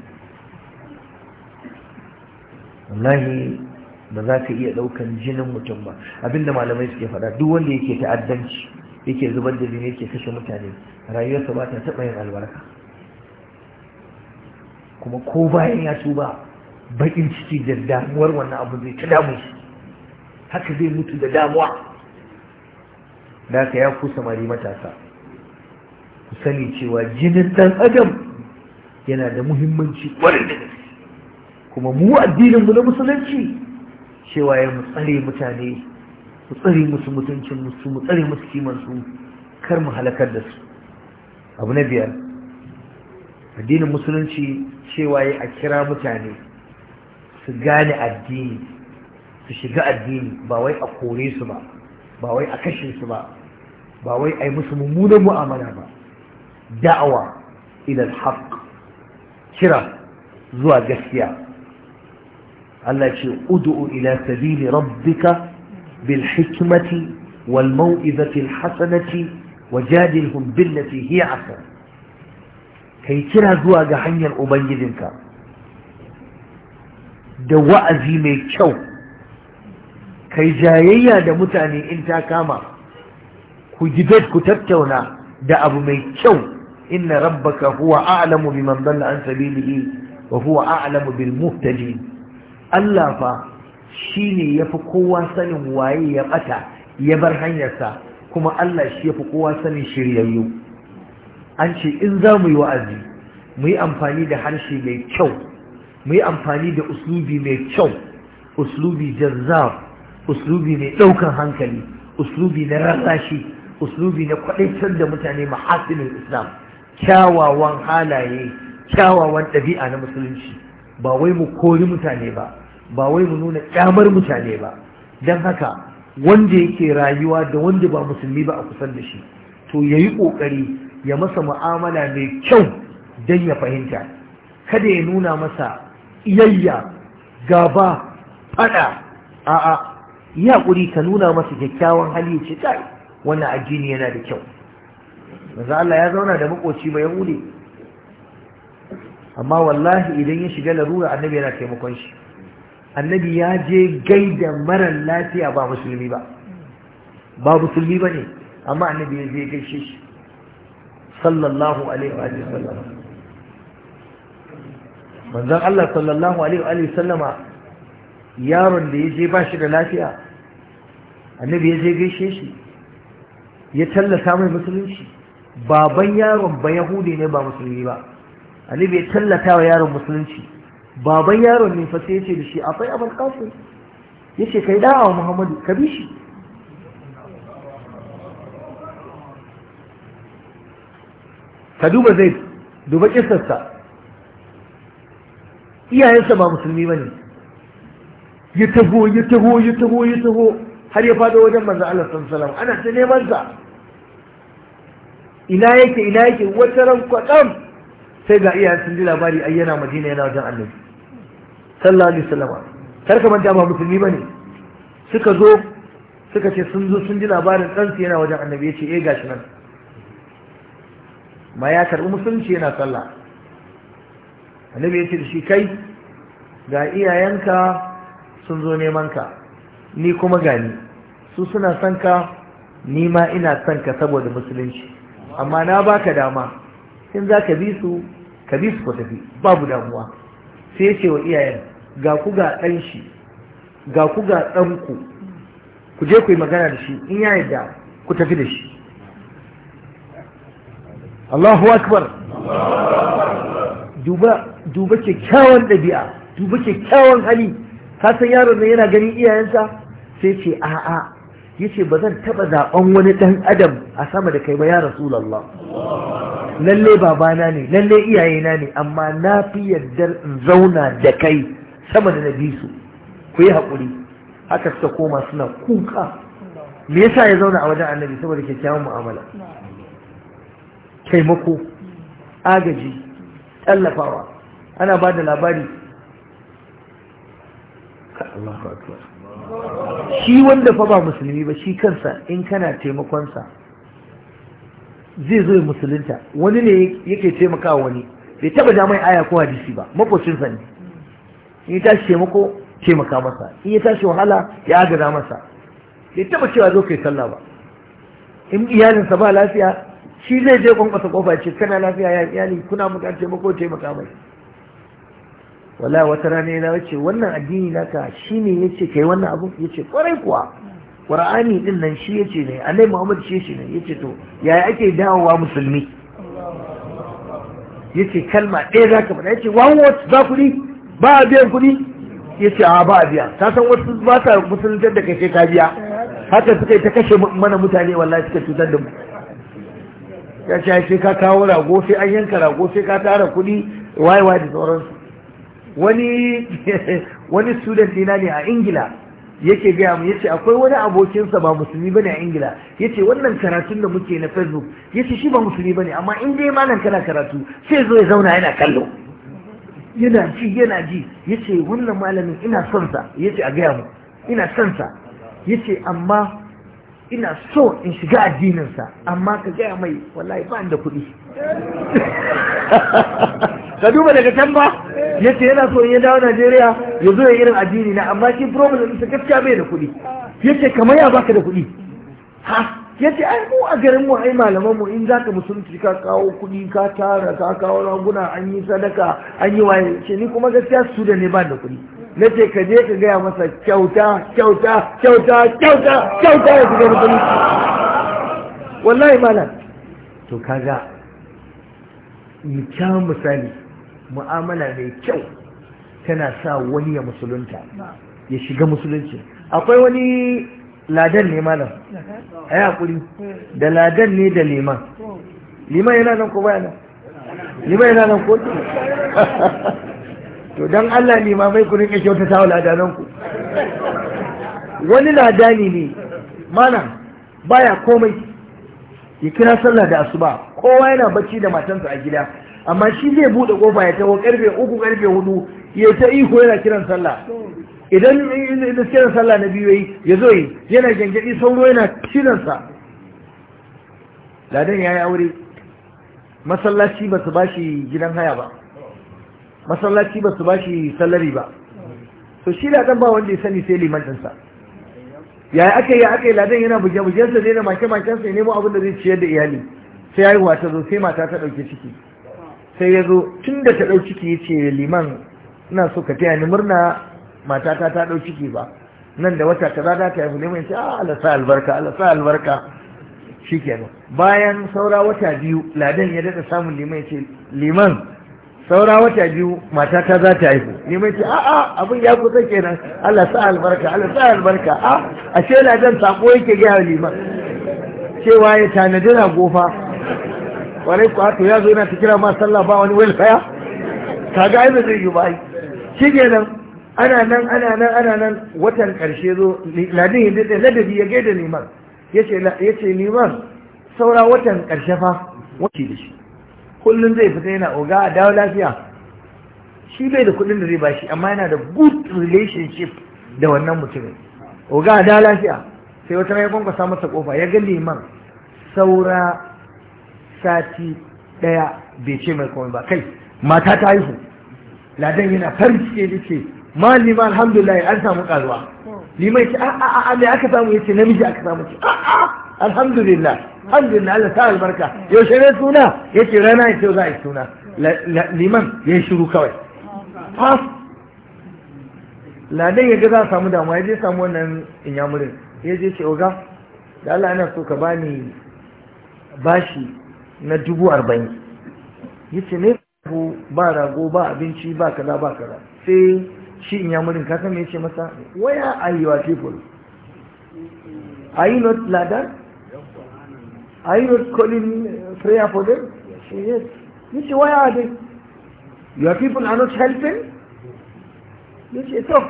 ba za ka iya ɗaukan jinin mutum ba abinda malamai suke faɗa duk wanda yake ta'addanci yake zubar da jini yake kashe mutane rayuwarsa ba ta taɓa yin albarka kuma ko bayan ya tuba baƙin ciki da damuwar wannan abu zai ta damu haka zai mutu da damuwa da ka ya kusa samari matasa ku sani cewa jinin ɗan adam yana da muhimmanci da kuma mu addinin mu na musulunci cewa ya mutsare mutane mutsare tsare musu mutuncin musu mu tsare musu kimansu, kar mu halakar da su abu na biyar addinin musulunci cewa ya a kira mutane su gane addini su shiga addini ba wai a kore su ba ba wai a kashe su ba ba wai a yi musu mummunan mu'amala ba da'awa ila al kira zuwa gaskiya Allah ce ud'u ila sabili rabbika bil hikmati wal mau'izati al hasanati wajadilhum billati hiya ahsan kai kira zuwa ga hanyar ubangijinka da wa'azi mai kyau kai jayayya da mutane in ta kama ku debate ku tattauna da abu mai kyau inna rabbaka huwa a'lamu biman dalla an sabilihi wa huwa a'lamu bil muhtadin Allah fa shi ne ya fi kowa sanin waye ya ɓata ya bar hanyarsa kuma Allah shi ya fi kowa sanin shiryayyu an ce in za mu yi wa'azi mu yi amfani da harshe mai kyau mu yi amfani da uslubi mai kyau uslubi jazzab uslubi mai ɗaukan hankali uslubi na rarrashi uslubi na kwaɗaitar da mutane mahasinin islam kyawawan halaye kyawawan ɗabi'a na musulunci ba wai mu kori mutane ba ba wai mu nuna kyamar mutane ba don haka wanda yake rayuwa da wanda ba musulmi ba a kusan da shi to ya yi ƙoƙari ya masa mu'amala mai kyau don ya fahimta kada ya nuna masa iyayya gaba fada a'a yi haƙuri ka nuna masa kyakkyawan hali ce ta wannan addini yana da kyau maza Allah ya zauna da makoci mai hude. amma wallahi idan ya shiga larura annabi yana taimakon shi annabi ya je gaida marar lafiya ba musulmi ba ba musulmi ba ne amma annabi ya je gaishe shi sallallahu alaihi wa sallam manzon Allah sallallahu alaihi wa sallama yaron da ya je ba shi da lafiya annabi ya je gaishe shi ya tallata mai musulunci baban yaron ba yahudi ne ba musulmi ba annabi ya tallata wa yaron musulunci baban yaron ne fa sai yace da shi akwai abul qasim yace kai da'a wa muhammadu ka bi shi ka duba zai duba kisarsa iyayensa ba musulmi bane ya taho ya taho ya taho ya taho har ya fada wajen manzo Allah sallallahu alaihi wasallam ana ta neman sa ina yake ina yake wata ran kwatsam sai ga iyayen sun ji labari ayyana, Madina yana wajen Annabi sallallahu alaihi wasallama kar ka manta ba musulmi bane suka zo suka ce sun zo sun ji labarin ɗansu yana wajen annabi ya ce eh gashi nan ma ya karɓi musulunci yana sallah annabi ya ce da shi kai ga iyayenka sun zo neman ka ni kuma gani su suna son ka ni ma ina son ka saboda musulunci amma na baka dama in za ka bi su ka bi su ku tafi babu damuwa sai ya ce wa iyayen ga ku ga ɗan shi ga ku ga ɗanku ku je ku yi magana da shi in ya da ku tafi da shi Allahu akbar duba duba kyakkyawan ɗabi'a duba kyakkyawan hali ka san yaron nan yana ganin iyayensa sai ce a'a ce ba zan taɓa zaɓen wani ɗan adam a sama da kai ba ya rasulallah lalle babana ne lalle iyayena ne amma na fi yardar in zauna da kai sama da na bi su ku yi haƙuri haka suka koma suna kuka me yasa ya zauna a wajen annabi saboda kyakkyawan mu'amala taimako agaji tallafawa ana ba da labari shi wanda fa ba musulmi ba shi kansa in kana taimakonsa zai zo musulunta wani ne yake taimakawa wani bai taba damai aya ko hadisi ba makocinsa ne in ya tashi taimako taimaka masa in ya tashi wahala ya agaza masa bai taba cewa zo kai sallah ba in iyalinsa ba lafiya shi zai je kwankwasa kofa ce kana lafiya ya iyali kuna bukatar taimako taimaka mai wala wata rana ya ce wannan addini naka shi ne ya ce kai wannan abun ya ce kwarai kuwa qur'ani din nan shi ya ce ne annabi muhammad shi shi ne ya ce to yaya ake dawowa musulmi ya ce kalma ɗaya za ka faɗa ya ce one word za ku ba a biyan kuɗi ya ce a ba a biya ta san wasu ba ta da kai ta biya haka suka yi ta kashe mana mutane wallahi suka cutar da mu ya ce sai ka kawo rago sai an yanka rago sai ka tara kuɗi waye waye da sauransu wani *laughs* wani dina ne a ingila yake gaya mu yace akwai wani abokinsa ba musulmi bane a ingila yace wannan karatun da muke na facebook yace shi ba musulmi ne. amma in dai malam kana karatu sai zo ya zauna yana kallo yana ji yana ji yace wannan malamin ina son sa yace a gaya mu ina son sa yace amma ina so in shiga addininsa amma ka gaya mai wallahi ba da kuɗi *laughs* ka duba daga can ba yace yana so ya dawo Najeriya ya zo ya irin addini na amma shi problem ɗinsa gaskiya bai da kuɗi yace kamar ya baka da kuɗi ha ya ce ai mu a garin mu ai malaman mu in ka musulunci ka kawo kuɗi ka tara ka kawo raguna an yi sadaka an yi waye ce ni kuma gaskiya su da ne ba da kuɗi na ce ka je ka gaya masa kyauta kyauta kyauta kyauta kyauta ya shiga musulunci wallahi malam to kaga mu misali mu'amala mai kyau tana sa wani ya musulunta ya shiga musulunci akwai wani ladan ne malam a yi da ladan ne da liman liman yana nan ko baya liman yana nan ko *laughs* to don allah limamai ku rinka kyauta ta ladanan ku wani ladani ne mana baya komai ya kira sallah da asuba kowa yana bacci da matansa a gida amma shi zai buɗe ƙofa ya taho karfe uku karfe hudu ya ta iko yana kiran sallah idan liskiyar sallah na biyu yi ya zo yi yana gyangyaɗi sauro yana cinansa ladan ya yi aure masallaci ba su ba shi gidan haya ba masallaci ba su ba shi salari ba so shi ladan ba wanda ya sani sai liman ɗinsa. ya aka yi aka yi ladan yana buge-bugensa zai na make-makensa ya nemo abin da zai ciyar da iyali sai haihuwa ta zo sai mata ta ɗauke ciki sai ya zo tun da ta ɗauki ciki ya ce liman ina so ka taya ni murna matata ta ɗau ciki ba nan da wata kaza za ta haifu ne mai ce a ah, Allah sa albarka Allah sa albarka shikenan bayan saura wata biyu ladan ya daɗa samun liman ya ce liman saura wata biyu matata za ta haihu ne mai ce a'a ah, ah, abin ya kusa kenan Allah sa albarka Allah sa albarka a ashe ladan sako yake gaya liman cewa ya tanadi na gofa kwarai kuwa to ya zo yana ta kira ma sallah ba wani kaya kaga ai ba zai yi ba shi kenan ana nan ana nan ana nan watan karshe zo ladin ya ladabi ya gaida neman, ya ce neman saura watan karshe fa wace da shi kullum zai fita yana oga a dawo lafiya shi bai da kudin da zai bashi amma yana da good relationship da wannan mutumin oga a dawo lafiya sai wata ya kwankwasa masa kofa ya ga neman saura sati daya bai ce mai komai ba kai mata ta haihu ladan yana farin cike da ce ma lima alhamdulillah an samu karuwa liman ce a ah, a ah, ah, me aka samu yace namiji aka samu ce a alhamdulillah alhamdulillah Allah ta albarka yaushe ne suna yace rana yace za a suna liman ya shiru kawai fas ladan ya ga za a samu damuwa ya je samu wannan inyamurin ya je ce oga da Allah ana so ka bani bashi na dubu arba'in yace ne ba rago ba abinci ba kaza ba kaza sai shi in yamurin ka san me ce masa waya a are your people are you not ladar are you not calling uh, prayer for them yes yace waya are they your people are not helping ce to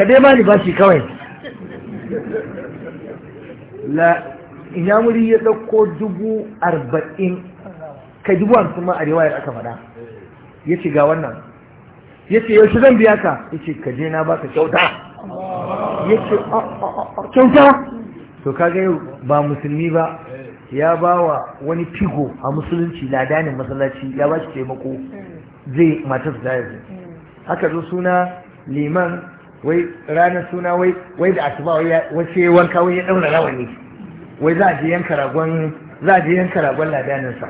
ka dai ba bashi kawai *laughs* la inyamuri ya dauko dubu arba'in ka dubu hamsin ma a riwayar aka faɗa ya ce ga wannan yace yaushe zan biya ka yace ka je na baka kyauta a kyauta to kaga yau ba musulmi ba ya bawa wani figo a musulunci ladanin masallaci ya ba shi taimako zai matar da yanzu haka zo suna liman wai ranar suna wai da asuba wace wanka wai ya daura rawani wai za a je yanka ragon za a je yanka ragon ladaninsa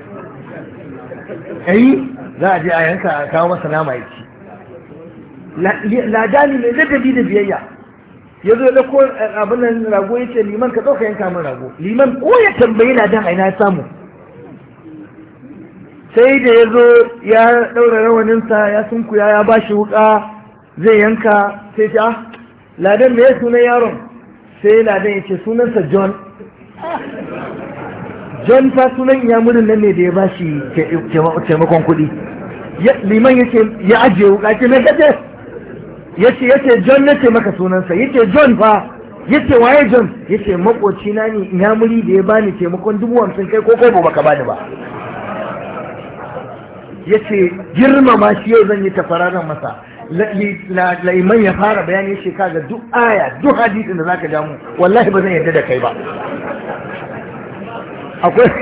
ai za a je a yanka a kawo masa nama ya ci ladani mai ladabi da biyayya ya zo da ko abin nan rago ya ce liman ka ɗauka yanka min rago liman ko ya tambayi ladan aina ya samu sai da ya zo ya ɗaura rawaninsa ya sunkuya ya ba shi wuƙa zai yanka sai ta ladan mai sunan yaron sai ladan ya ce sunansa john john ta sunan yamurin nan ne da ya ba shi taimakon kuɗi liman ya ce ya ajiye wuka ce na gaje yace yace John nace maka sunansa yace John fa yace waye John yace makoci na ne inyamuri da ya bani taimakon dubu hamsin kai ko kai ba baka bani ba yace girmama shi yau zan yi tafararan masa laiman ya fara bayani yace kaga duk aya duk hadisin da zaka damu wallahi ba zan yarda da kai ba akwai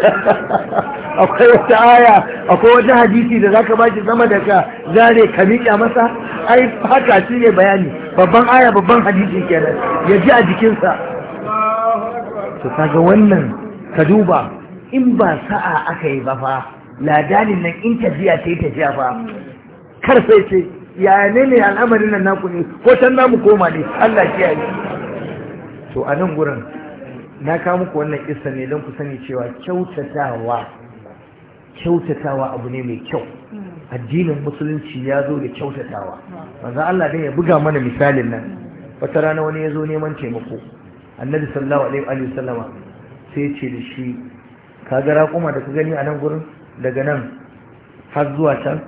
*laughs* akwai wata aya akwai wata hadisi da zaka ba shi sama da ka zare ka miƙa masa ai haka shi ne bayani babban aya babban hadisi kenan ya ji a jikinsa to kaga wannan ka duba in ba sa'a aka yi ba fa ladanin nan in tafiya yi tafiya fa kar sai ce ya ne ne al'amarin nan naku ne ko can namu koma ne Allah kiyaye to a nan gurin na kawo muku wannan kissa ne don ku sani cewa kyautatawa kyautatawa abu ne mai kyau addinin musulunci ya zo da kyautatawa manzo Allah ne ya buga mana misalin nan wata rana wani ya zo neman taimako annabi sallallahu alaihi wa sallama sai ce da shi ka ga raƙuma da ka gani a nan gurin daga nan har zuwa can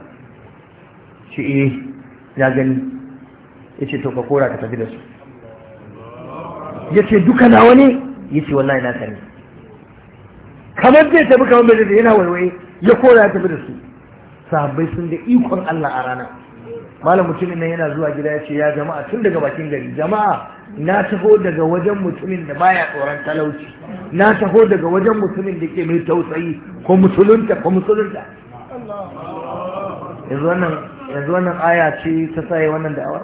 Shi eh ya gani ya ce to ka kora ka tafi da su ya ce duka na wani? ya ce wallahi na sani kamar zai tafi kamar bai zai yana walwaye ya kora ya tafi da su sahabbai sun da ikon Allah a rana malam mutumin nan yana zuwa gida ya ce ya jama'a tun daga bakin gari jama'a na taho daga wajen mutumin da baya tsoron talauci na taho daga wajen mutumin da ke mai tausayi ko musulunta ko musulunta yanzu wannan aya ce ta saye wannan da'awar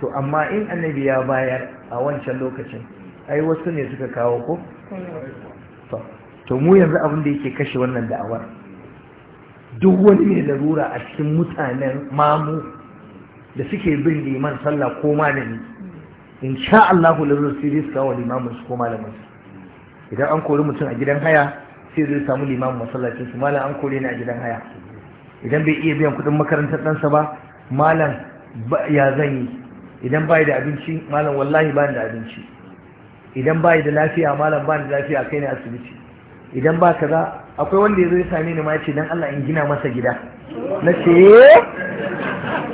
to amma in annabi ya bayar a wancan lokacin ai wasu ne suka kawo ko to mu yanzu abin da yake kashe wannan da'awar duk wani mai larura a cikin mutanen mamu da suke bin liman sallah ko malami in sha Allahu larura sai dai su kawo limamin su ko malamin su idan an kori mutum a gidan haya sai zai samu limamin masallacin su malam an kore ni a gidan haya idan bai iya biyan kuɗin makarantar ɗansa ba malam ya zan yi idan bai da abinci malam wallahi ba da abinci idan bai da lafiya malam ba da lafiya kai ne asibiti idan ba ka za akwai wanda ya zo ya same ni ma ce dan Allah in gina masa gida na ce eh?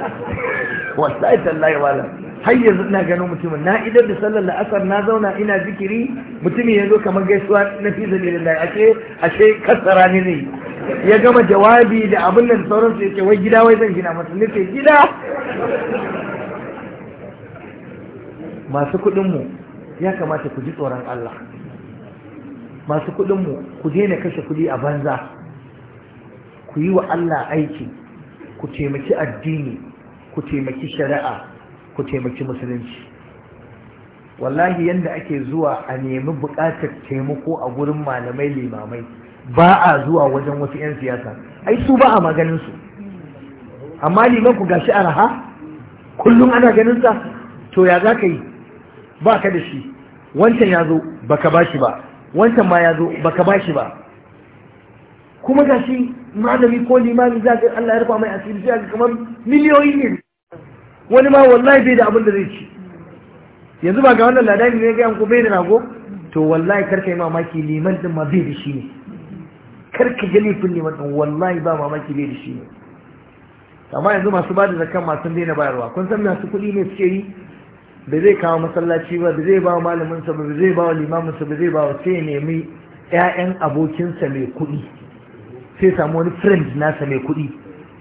*laughs* wallahi tallahi wala har yanzu ina ganin mutumin na idar da sallar da asar na zauna ina zikiri mutumin ya zo kamar gaisuwa na fi lai ake ashe kasara ne ne ya gama jawabi da abin nan sauransu ya ce wai gida wai zan gina masa nufe gida masu kuɗinmu ya kamata ku ji tsoron Allah masu kuɗinmu ku daina kashe kuɗi a banza ku yi wa Allah aiki ku taimaki addini ku taimaki shari'a ku taimaki musulunci wallahi yadda ake zuwa a nemi buƙatar taimako a gurin malamai limamai ba a zuwa wajen wasu 'yan siyasa ai su ba a maganin su amma liman ku gashi araha kullum ana ganin sa to ya za ka yi ba ka da shi wancan ya zo baka ba shi ba wancan ma ya zo baka shi ba kuma ga shi malami ko limami za ga Allah ya rufa mai asiri sai ga kamar miliyoyi ne wani ma wallahi bai da abin da zai ci yanzu ba ga wannan ladani ne ga yanku bai da rago to wallahi karka yi mamaki liman din ma bai da shi ne karka ga laifin liman din wallahi ba mamaki bai da shi ne amma yanzu masu ba da zakan masu daina bayarwa kun san masu kuɗi ne suke yi ba zai kawo masallaci ba ba zai ba wa malaminsa ba zai ba wa limaminsa ba zai ba wa sai nemi 'ya'yan abokinsa mai kuɗi sai samu wani friend nasa mai kuɗi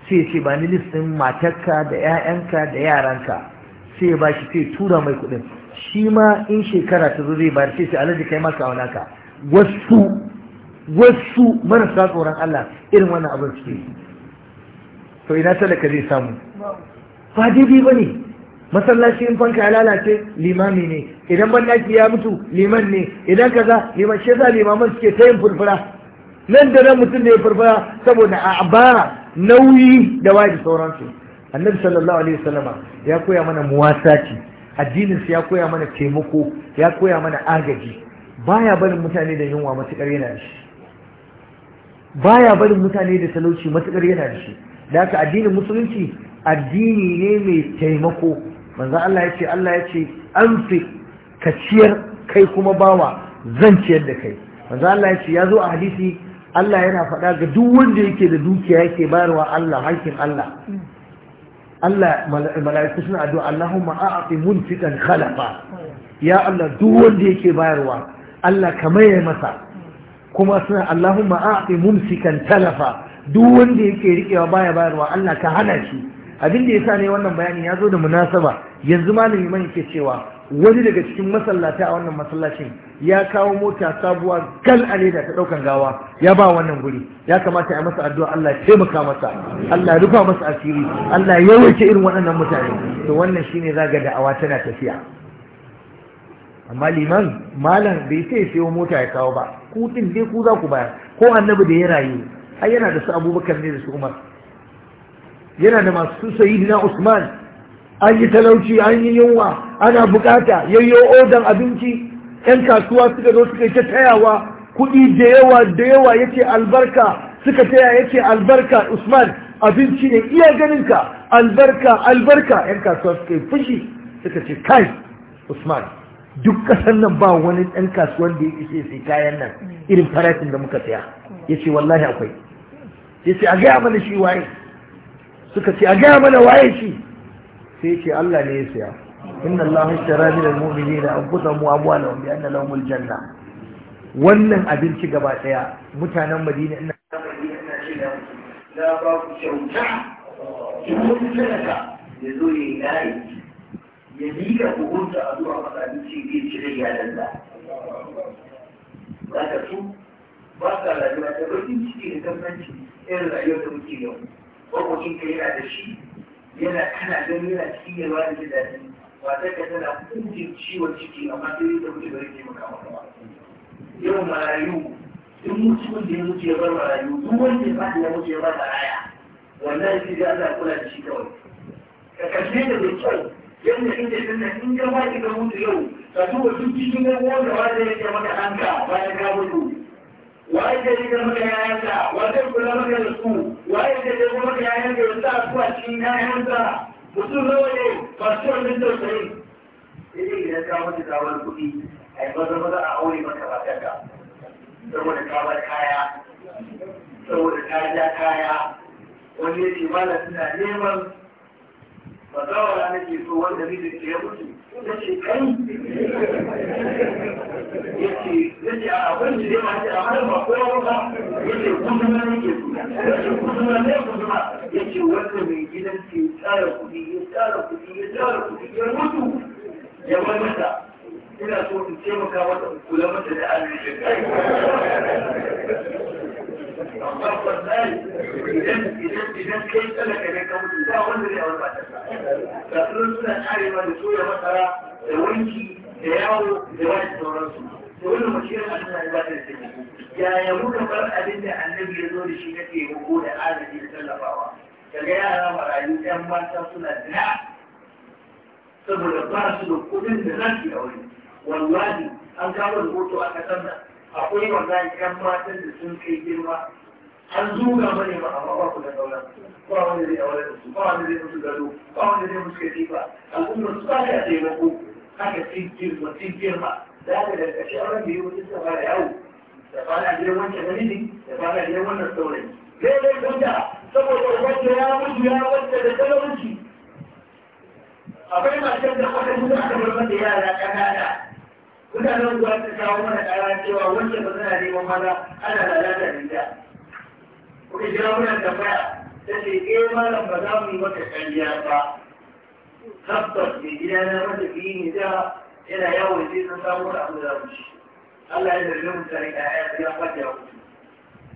sai ce ba ni listin matarka da 'ya'yanka da yaranka sai ya bashi sai tura mai kuɗin shi ma in shekara ta zo zai ba sai sai alaji kai maka wani ka wasu wasu marasa tsoron Allah irin wannan abin suke to ina talaka zai samu ba daidai ba ne masallaci in fanka ya lalace limami ne idan ban daki ya mutu liman ne idan kaza liman shi za limaman suke ta yin furfura nan da nan mutum da ya furfura saboda a ba nauyi da wadi sauransu annabi sallallahu alaihi wasallama ya koya mana muwasaci addininsa ya koya mana taimako ya koya mana agaji baya barin mutane da yunwa matukar yana da shi baya barin mutane da talauci matukar yana da shi da haka addinin musulunci addini ne mai taimako manzo Allah ya Allah ya ce an fi ka ciyar kai kuma bawa zan ciyar da kai manzo Allah ya ce ya zo a hadisi Allah yana faɗa ga duk wanda yake da dukiya yake bayarwa Allah Allah Allah mala'iku suna addu'a Allahumma a'ti munfiqan khalafa ya Allah duk wanda yake bayarwa Allah ka maye masa kuma suna Allahumma a'ti mumsikan talafa duk wanda yake riƙewa baya bayarwa Allah ka hana shi abin da ya sa ne wannan bayani ya zo da munasaba yanzu malami man yake cewa wani daga cikin masallata a wannan masallacin ya kawo mota sabuwa gal a leda ta ɗaukan gawa ya ba wannan guri ya kamata a masa addu'a Allah ya taimaka masa Allah ya rufa masa asiri Allah ya yawaita irin waɗannan mutane to wannan shine zaga da'awa tana tafiya amma liman malam bai sai sayo mota ya kawo ba ku din dai ku za ku bayar ko annabi da ya rayu ai yana da su abubakar ne da su umar yana da masu sayi na usman an yi talauci an yi yunwa ana bukata yayyo odan abinci yan kasuwa suka zo suka ta tayawa kuɗi da yawa da yawa yake albarka suka taya yake albarka usman abinci ne iya ganinka albarka albarka yan kasuwa suka yi fushi suka ce kai usman duk kasan nan ba wani ɗan kasuwan da ya ishe sai kayan nan irin farashin da muka saya ya ce wallahi akwai ya ce a gaya mana shi waye suka ce a gaya mana waye shi sai ce Allah ne ya siya inna Allah ishtara min almu'minina anfusahum wa amwalahum bi anna lahum janna. wannan abinci gaba daya mutanen Madina ina na ba ku kyauta ki mutu talaka ya zo ya yi layi ya miƙa kuhunta a zuwa masa abinci zai cire iyalan da za ka su ba ka rayuwa ta bakin ciki da kamfanci irin rayuwar da muke yau makwacin ka yana da shi yana kana ganin yana cikin yalwa da jin daɗi matar ka tana kujin ciwon ciki amma sai da mutu bari ke maka maka yau marayu duk mutumin da ya mutu ya bar marayu duk wanda ya faɗi ya mutu ya bar maraya wannan shi da ana kula da shi kawai ka kashe da da kyau yadda inda sannan in ga ma ki ga mutu yau ka duba duk cikin wanda wanda yake maka hanka bayan ka mutu waye da riga maka yayanka waye kula maka da su waye da riga maka yayanka ya sa su a cikin yayanka mutum nawa ne masu wannan tausayi idan idan ka wata kawar kuɗi a yi maza maza a aure maka matarka saboda bar kaya saboda ta ja kaya wani ya ce malam suna neman ba za wa na ke so wanda mijin ke ya mutu ta ce kai ya ce a abin da ya mace a hannun ba kowa ba ya ce kuduma ne ke so ya ce na ne kuduma ya ce wanda mai gidan ke tsara kuɗi ya tsara kuɗi ya tsara kuɗi ya mutu ya bar mata ina so in taimaka mata kula mata da kai. idan idan ne ka mutu wanda zai suna da soya masara da wanki da yawo da wani sauransu da wani mashirin a yaya muka bar annabi ya zo da da agaji da tallafawa daga yara marayu yan mata suna da saboda ba su da kudin da za su yi aure wallahi an kawo rahoto a ƙasar nan akwai wannan yan matan da sun kai girma an zuga mane ma amma ba ku da sauran ba wanda zai aure da su ba wanda zai musu gado ba wanda zai musu katifa al'ummar su ba ta taimako haka sun girma sun girma da haka da ƙarshe auren da yi wani fara yawo da fara gidan wancan namiji da fara gidan wannan saurayi daidai gunda saboda wanda ya mutu ya wanda da talauci akwai matar da kwata mutu aka bar mata yara ƙanana mutanen kuwa su kawo mana kara cewa wacce ba suna neman maza ana lalata da ita kuka jira muna tambaya ta ce eh malam ba za mu yi maka kariya ba tabbas mai gida na mata biyu ne da yana yawon sai sun samu da abu da mu ci Allah ya zarge mu tare da ayat ya fadiya mutu.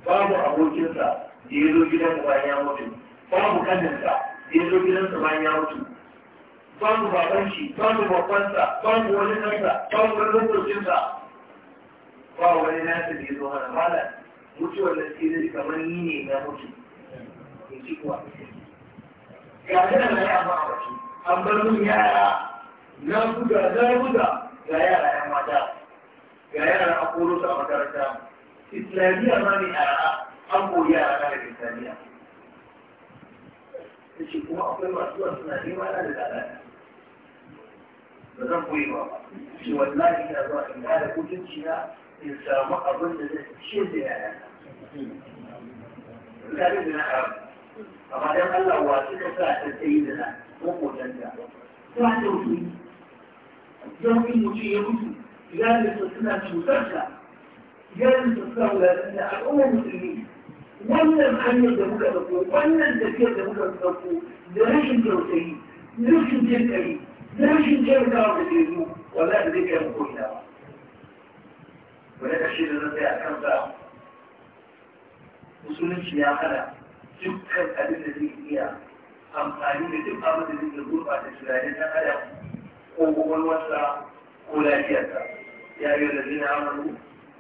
babu abokinsa da ya zo gidan bayan ya mutu babu kaninsa da ya zo gidansa bayan ya mutu babu baban shi babu babansa babu wani nasa babu wani lokacinsa ba wani nasa da ya zo hana mala mutuwar da ke zai kamar ni ne na mutu in ci kuwa ga yana na ya ba a shi an bar mun yara na buga na buga ga yara yan mata ga yara a koro sa makaranta islamiyya ma ne yara an koyi yara na da islamiyya ta kuma akwai masu wasu na nema na da lalata ba zan koyi ba shi wallahi ina zuwa in kare kutunci na in samu abin da zai ce da yaya ina da na haram amma dan Allah wa su ka sa ta tsayi da na ko kotan da ta da su yau in mutum ya mutu iyalin su suna cutar ta iyalin su suna wulatar da al'ummar musulmi wannan hanyar da muka ɗauko wannan tafiyar da muka ɗauko da rashin tausayi rashin jin ƙari rashin jarrawa da ke wanda zai kai mu ko'ina ba wani ƙarshe da zai a kan musulunci ya hana dukkan abin da zai iya amfani da duk abin da gurɓata tunanin ko ko lafiyarsa ya yi da zina amalu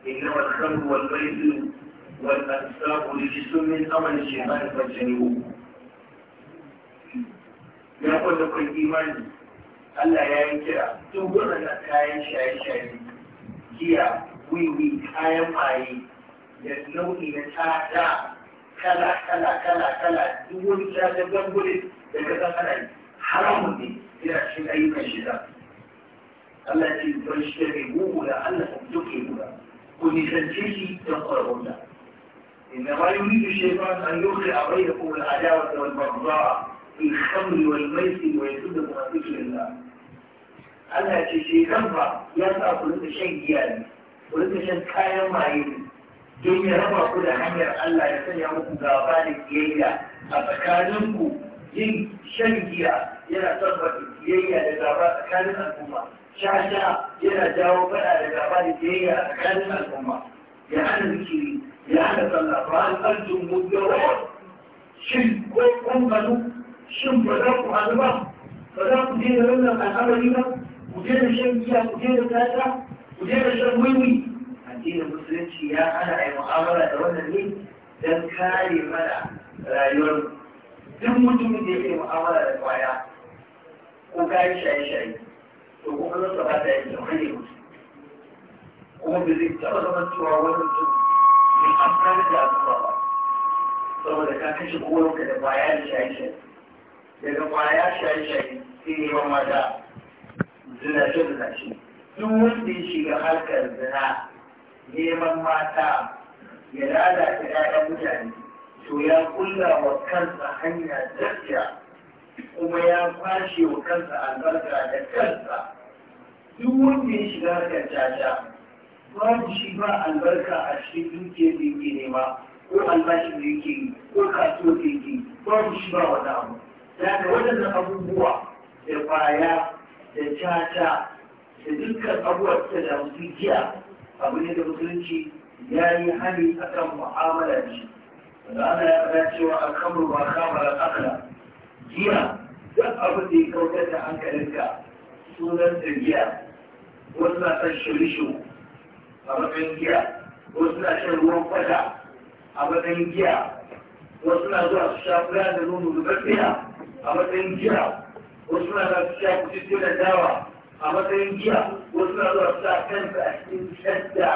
إنما الخمر والميسر والأنساب رجس من أمل الشيطان فاجتنبوه يقول لكم إيماني Allah ya yi kira duk waɗannan kayan shaye-shaye giya wiwi kayan maye da nau'i na tsada kala kala kala kala duk wani tsada gangure da ka san ana haramun ne yana cikin ayyukan shida Allah ce bar shi da gugu da Allah ku duke guda ku nisance shi don ƙwararrun da إنما يريد الشيطان أن يخلق بينكم العداوة والبغضاء في الخمر والميسر ويسدكم عن ذكر الله Allah ce shi ba ya sa ku rinka shan giya ne ku rinka shan kayan maye ne don ya raba ku da hanyar Allah ya sanya muku gaba da kiyayya a tsakaninku yin shan giya yana tabbata kiyayya da gaba tsakanin al'umma shasha yana jawo faɗa da gaba da kiyayya a tsakanin al'umma ya hana zikiri ya hana sallah ba an tsarkin mutuwa shin ko kun gano shin ba za ku hannu ba ba za ku je da wannan al'amari ba ku daina shan giya ku daina tsada ku daina shan wiwi addinin musulunci ya hana a yi mu'amala da wannan ne don kare mana rayuwar duk mutumin da yake mu'amala da kwaya ko kayan shaye-shaye to kuma zan ba ta yi kyau hanyar mutum? kuma ba zai taɓa zama cewa wani mutum ya amfani da abubuwa ba saboda ka kashe kowanka da kwaya da shaye-shaye daga kwaya shaye-shaye sai yawan mata zinace shi duk wanda ya shiga harkar zina neman mata ya lalata 'ya'yan mutane to ya kulla wa kansa hanya tafiya kuma ya kwashe wa kansa albarka da kansa duk wanda ya shiga harkar caca babu shi ba albarka a cikin dukiyar da yake nema ko albashin da yake yi ko kasuwar da yake yi babu shi ba wani abu da waɗannan abubuwa da baya da caca da dukkan abubuwa da da mutum jiya abu ne da musulunci ya yi hani akan mu'amala da da ana ya faɗa cewa a kamar ba kamar akala jiya duk abin da ya kautar da hankalinka sunan da giya wasu na san shirishu a matsayin giya wasu na shan ruwan fata a matsayin giya wasu na zuwa su sha fura da nono da a matsayin giya wasu na zuwa su sha kuɗi da dawa a matsayin giya wasu na zuwa su sa kansu a cikin shadda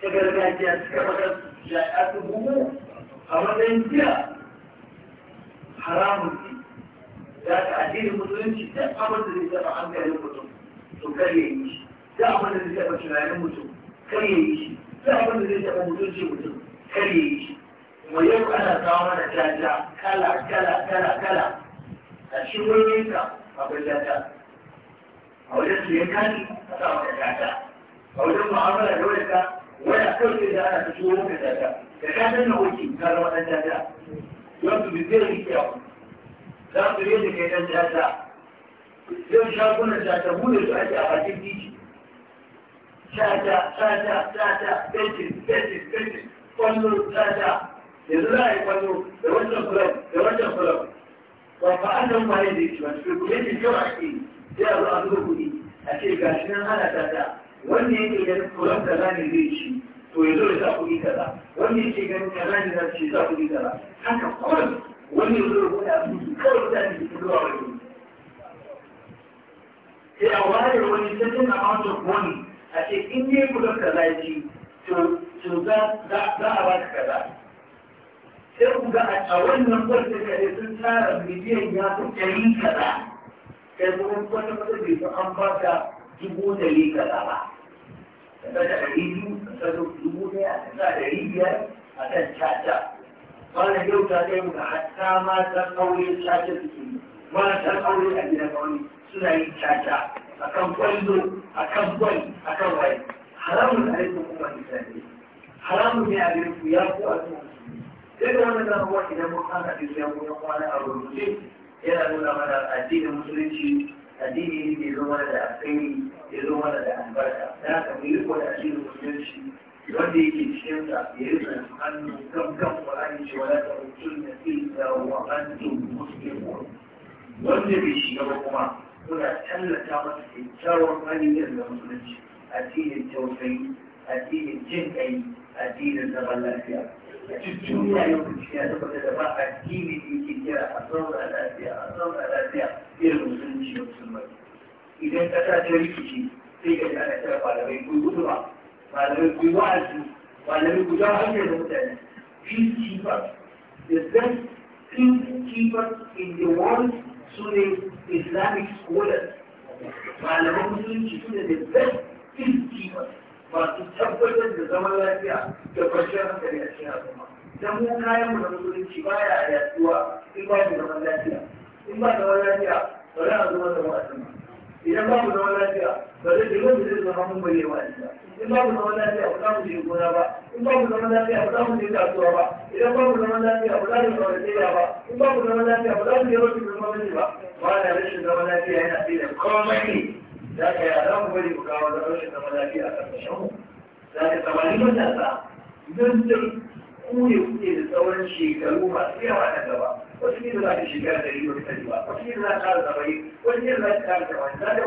ta gargajiya suka maka su sha a tubu a matsayin giya haramun ne da ka addinin musulunci duk abin da zai taɓa hankalin mutum to kar ya yi shi duk abin da zai taɓa tunanin mutum kar ya yi shi duk abin da zai taɓa mutunci mutum kar ya yi shi kuma yau ana kawo mana jaja kala kala kala kala a cikin wurin a akwai gata a wajen siyan kani a sa wata gata a wajen mu'amala da wani ka wani kawai da ana ta shigo maka gata da ka san na wuce ka zama ɗan gata don su bi yi kyau za su yi da kai ɗan gata yau shagunan da ta bude su ake a bakin titi tata tata tata bencin bencin bencin kwallo tata yanzu za a yi kwallo da wancan kulab da wancan kulab ba an nan ba ne da yake ba su kuma yake yau ake sai a zo a zuba kuɗi a ce ga shi nan ana tata wanda yake ganin kuran kaza ne zai ci to ya zo ya sa kuɗi kaza wanda yake ganin kaza ne zai ci sa kuɗi kaza haka kawai wani ya zo ya kuɗi a su kawai mutane da ke zuwa wani sai a ware wani certain amount of money a ce in yi kuɗin kaza ya ci to za a ba ka kaza sai ku ga a wannan kwarta kare sun tsara miliyan ya fi ɗari kaza kai kuma wata-wata bai fi an ba ta dubu ɗari kaza ba kaza da ɗari biyu kaza da dubu ɗaya kaza ɗari biyar a kan caca wani yau ta ɗaya mu ga hatta mata ƙauye caca suke yi mata ƙauye a gidan ƙauye suna yin caca a kan kwallo a kan gwal a kan wani haramun da aikin kuma ne haramun ne a gare ku ya ku a cikin sai da wannan abubuwa idan mun san hadisi ya kuma kwana a rubuce yana nuna mana addinin musulunci addini ne zo mana da alkhairi ya zo mana da albarka da ka mu yi da addinin musulunci wanda yake cikin sa ya yi tsan hannu kan kan Qur'ani ce wala ta usul na illa wa antum muslimun wanda bai shiga ba kuma muna tallata masa kyakkyawan hanyar da musulunci addinin tausayi addinin jin ƙai, addinin zaman lafiya duniya ya kunshi ya tabbata da ba addini da yake kira a zauna lafiya a zauna lafiya irin musulunci da musulmai idan ƙasa ta rikici sai ka ji ana kira malamai ku guduwa malamai ku wa'azi malamai ku dawo hanyar da mutane peacekeepers the best peacekeepers in the world su ne islamic scholars malaman musulunci su ne the best peacekeepers masu tabbatar da zaman lafiya da kwanciyar hankali a cikin al'umma dan mu kayan mu na musulunci baya yaduwa in ba mu zaman lafiya in ba zaman lafiya ba za a zama zama a idan ba mu zaman lafiya ba zai da yau zai zama mun bayyawa a gida in ba mu zaman lafiya ba za mu je gona ba in ba mu zaman lafiya ba za mu je kasuwa ba idan ba mu zaman lafiya ba za mu kawarciya ba in ba mu zaman lafiya ba za mu je wasu zaman ba ba na rashin zaman lafiya yana fi da komai za ka yi za ku bari ku kawo da rashin zama lafiya a ƙarƙashin mu za ka samari matasa don da kure kuke da sauran shekaru masu yawa na gaba wasu ne za ka shekara da riyo ta ba wasu ne za ka ƙara saba'in wasu ne za ka ƙara saba'in